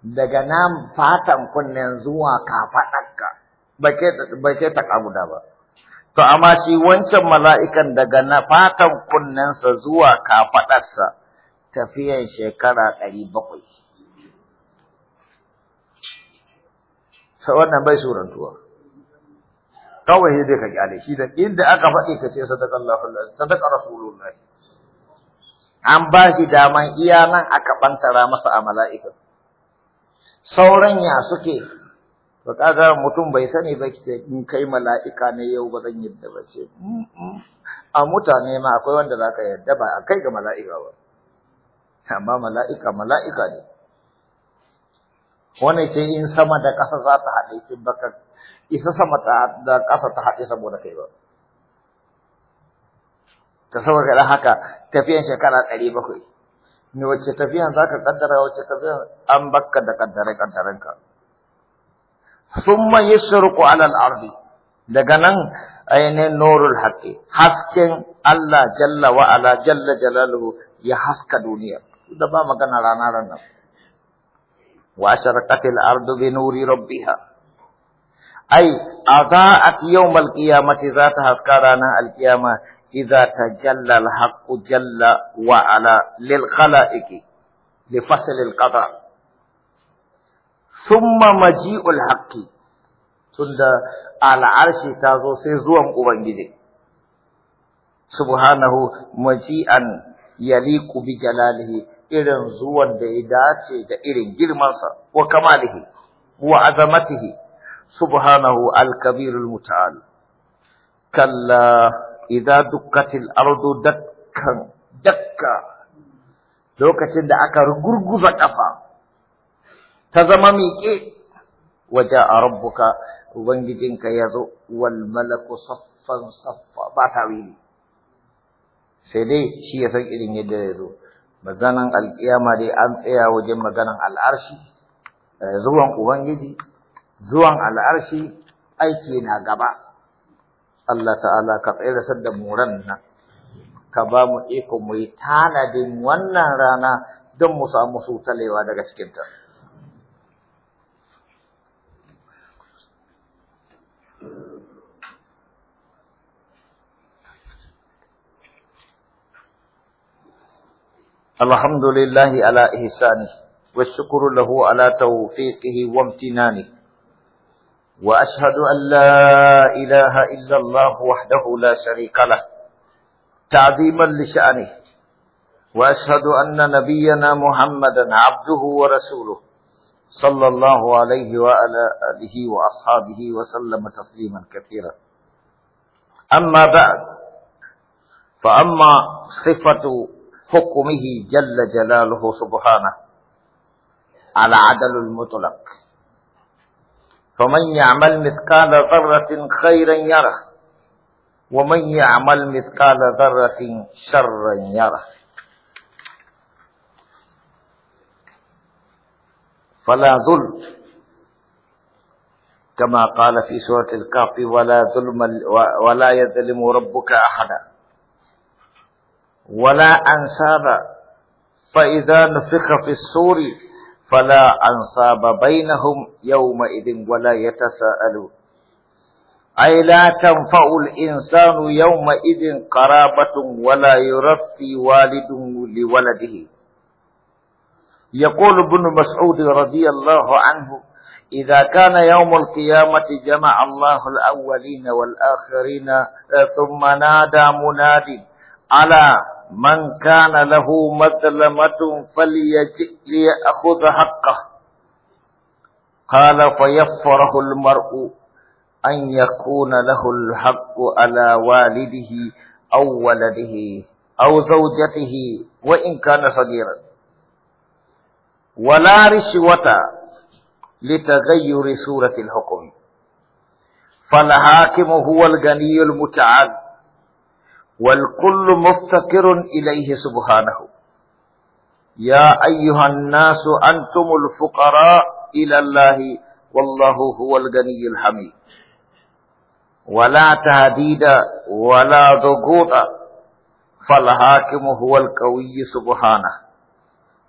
daga nan fatan kunnen zuwa kafaɗarka bai ke ta guda ba. To, amma shi wancan mala'ikan daga na fatan kunnensa zuwa kafaɗarsa tafiyan shekara ɗari bakwai. Sai wannan bai surantuwa. Kawai sai dai ka kyale shi da inda aka faɗi ka ce sadaka Allah sadaka Rasulullahi. An ba shi daman iya nan aka ɓantara masa a mala'ikan. sauran ya suke to kaga mutum bai sani ba kike in kai mala'ika ne yau ba zan yadda ba ce a mutane ma akwai wanda zaka yadda ba a kai ga mala'ika ba amma mala'ika mala'ika ne wani ce in sama da ƙasa za ta haɗe ki baka isa sama da ƙasa ta haɗe saboda kai ba ta saboda haka tafiyan shekara ɗari bakwai ni wacce tafiya za ka kaddara wacce tafiya an bakka da kaddare kaddarenka summa yasruqu ala al-ardi daga nan ainihin nurul haqi hasken Allah jalla wa ala jalla jalaluhu ya haska duniya da ba magana rana rana wa al ardu bi nuri rabbiha ada at yawm al-qiyamati zata haska al qiyamah إذا تجلى الحق جل وعلا للخلائق لفصل القضاء ثم مجيء الحق تند عرش تازو سيزوم أبنجده سبحانه مجيئا يليق بجلاله إذن زوان ديداتي دا إذن جرمانسا وكماله وعظمته سبحانه الكبير المتعال كلا idza dukkatil ardu dakkan dakka lokacin da aka rugurguza ƙasa ta zama miƙe waje a rabbuka ubangijinka ya zo wal malaku saffan saffa ba ta wili sai dai shi ya san irin yadda ya zo maganan alƙiyama dai an tsaya wajen maganan al'arshi zuwan ubangiji zuwan al'arshi aiki na gaba Allah ta'ala ka tsirasar da muran nan ka ba mu iko mu yi tanadin wannan rana don mu samu sutalewa daga cikinta الحمد لله على إحسانه والشكر له على توفيقه وامتنانه وأشهد أن لا إله إلا الله وحده لا شريك له تعظيما لشأنه وأشهد أن نبينا محمدا عبده ورسوله صلى الله عليه وعلى آله وأصحابه وسلم تسليما كثيرا أما بعد فأما صفة حكمه جل جلاله سبحانه العدل المطلق فمن يعمل مثقال ذرة خيرا يره ومن يعمل مثقال ذرة شرا يره فلا ظلم كما قال في سورة الكهف ولا ظلم ولا يظلم ربك أحدا ولا أنساب فإذا نفخ في الصور فلا أنصاب بينهم يومئذ ولا يتساءلون أي لا تنفع الإنسان يومئذ قرابة ولا يرثي والد لولده يقول ابن مسعود رضي الله عنه إذا كان يوم القيامة جمع الله الأولين والآخرين ثم نادى مناد على من كان له مظلمة فليجئ ليأخذ حقه قال فيفره المرء أن يكون له الحق على والده أو ولده أو زوجته وإن كان صغيرا ولا رشوة لتغير سورة الحكم فالحاكم هو الغني المتعذب والكل مفتقر إليه سبحانه يا أيها الناس أنتم الفقراء إلى الله والله هو الغني الحميد ولا تهديد ولا ضغوط فالحاكم هو القوي سبحانه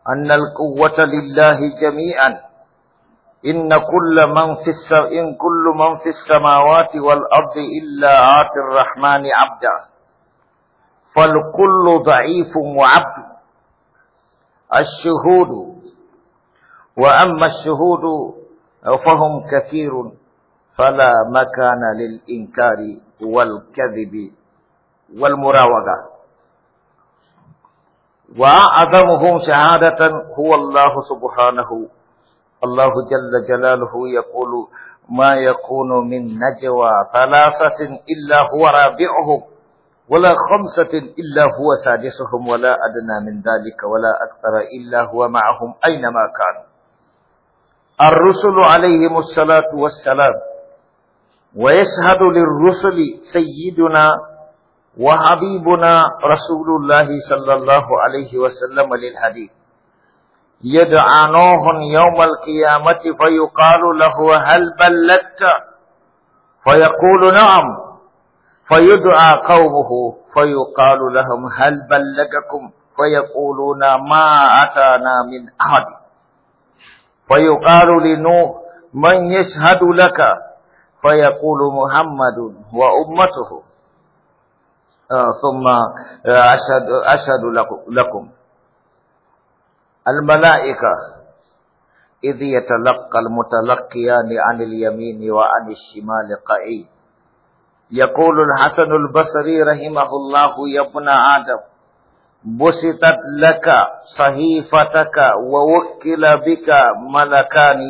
أن القوة لله جميعا إن كل من في السماوات والأرض إلا آتي الرحمن عبدا فالكل ضعيف وعبد الشهود وأما الشهود فهم كثير فلا مكان للإنكار والكذب والمراوغة وأعظمهم شهادة هو الله سبحانه الله جل جلاله يقول ما يكون من نجوى ثلاثة إلا هو رابعهم ولا خمسة إلا هو سادسهم ولا أدنى من ذلك ولا أكثر إلا هو معهم أينما كانوا الرسل عليهم الصلاة والسلام ويشهد للرسل سيدنا وحبيبنا رسول الله صلى الله عليه وسلم للحديث يدعانوهن يوم القيامة فيقال له هل بلدت فيقول نعم فيدعى قومه فيقال لهم هل بلغكم فيقولون ما أتانا من أحد فيقال لنوح من يشهد لك فيقول محمد وأمته آه، ثم أشهد, أشهد لكم الملائكة إذ يتلقى المتلقيان عن اليمين وعن الشمال قعيد يقول الحسن البصري رحمه الله يا ابن آدم بسطت لك صحيفتك ووكل بك ملكان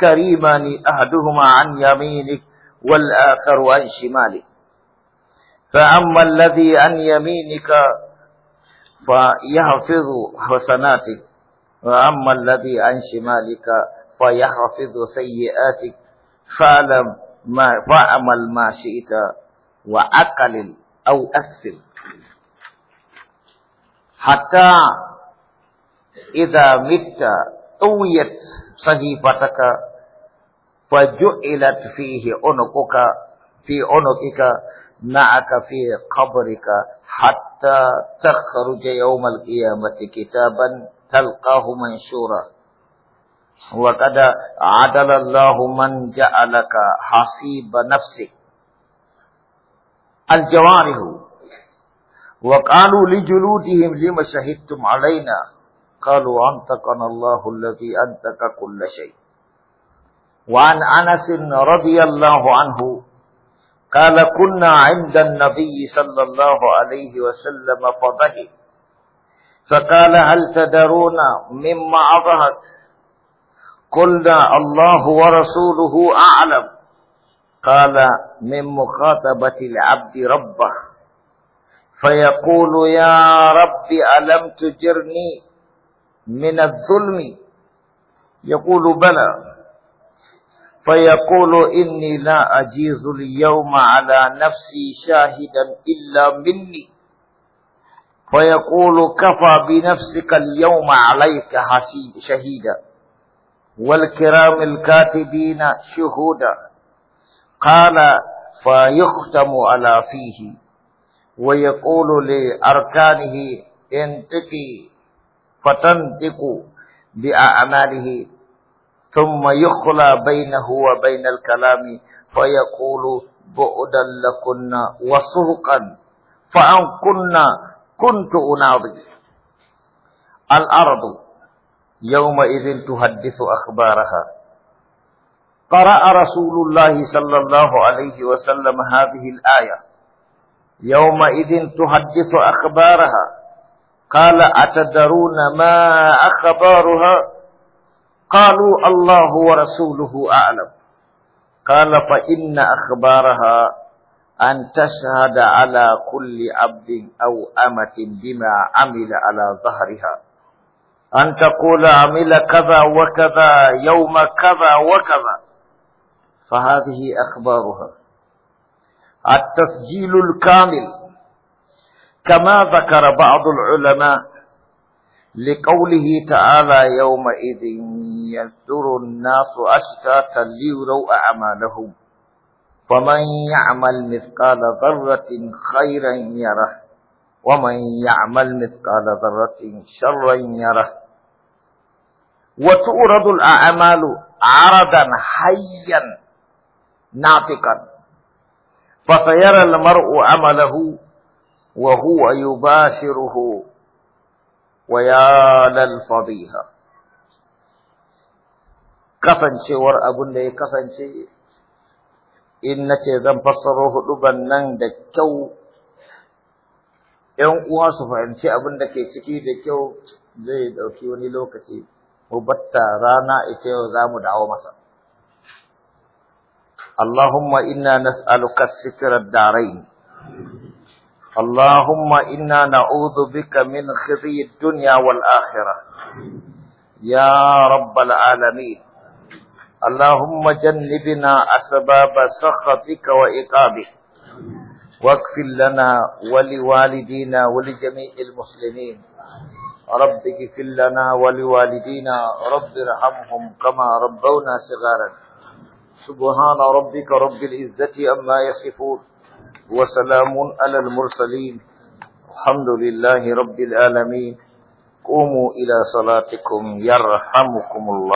كريمان أحدهما عن يمينك والآخر عن شمالك فأما الذي عن يمينك فيحفظ حسناتك وأما الذي عن شمالك فيحفظ سيئاتك فاعلم ما فأمل ما شئت وأقل أو أكثر حتى إذا مت طويت صحيفتك فجعلت فيه عنقك في عنقك معك في قبرك حتى تخرج يوم القيامة كتابا تلقاه منشورا وقد عدل الله من جعلك حسيب نفسك الجوارح وقالوا لجلودهم لما شهدتم علينا قالوا أنطقنا الله الذي أنطق كل شيء وعن أنس رضي الله عنه قال كنا عند النبي صلى الله عليه وسلم فضحك فقال هل تدرون مما اظهر قلنا الله ورسوله أعلم قال من مخاطبة العبد ربه فيقول يا رب ألم تجرني من الظلم يقول بلى فيقول إني لا أجيز اليوم على نفسي شاهدا إلا مني فيقول كفى بنفسك اليوم عليك شهيدا والكرام الكاتبين شهودا قال فيختم على فيه ويقول لأركانه انتقي فتنتق بأعماله ثم يخلى بينه وبين الكلام فيقول بعدا لكنا وسوقا فأن كنا كنت أناضي الأرض يومئذ تحدث أخبارها قرأ رسول الله صلى الله عليه وسلم هذه الآية يومئذ تحدث أخبارها قال أتدرون ما أخبارها قالوا الله ورسوله أعلم قال فإن أخبارها أن تشهد على كل عبد أو أمة بما عمل على ظهرها أن تقول عمل كذا وكذا يوم كذا وكذا فهذه أخبارها التسجيل الكامل كما ذكر بعض العلماء لقوله تعالى يومئذ يصدر الناس أشتاتا ليروا أعمالهم فمن يعمل مثقال ذرة خيرا يره ومن يعمل مثقال ذرة شرا يره وتؤرد الأعمال عرضا حيا ناطقا فسيرى المرء عمله وهو يباشره ويا للفضيحة كسنشي ور da لي كسنشي إن na ce لبنان fassaro ‘yan uwa su fahimci abin da ke ciki da kyau zai ɗauki wani lokaci, mu batta rana ita yau za mu dawo masa. Allahumma inna nas'aluka sitirar darai. Allahumma inna na'udhu bika min khizyi dunya wal akhirah. Ya rabbal alamin. Allahumma jannibna asbaba sakhatika wa iqabik. واغفر لنا ولوالدينا ولجميع المسلمين رب اغفر لنا ولوالدينا رب ارحمهم كما ربونا صغارا سبحان ربك رب العزة أما يصفون وسلام على المرسلين الحمد لله رب العالمين قوموا إلى صلاتكم يرحمكم الله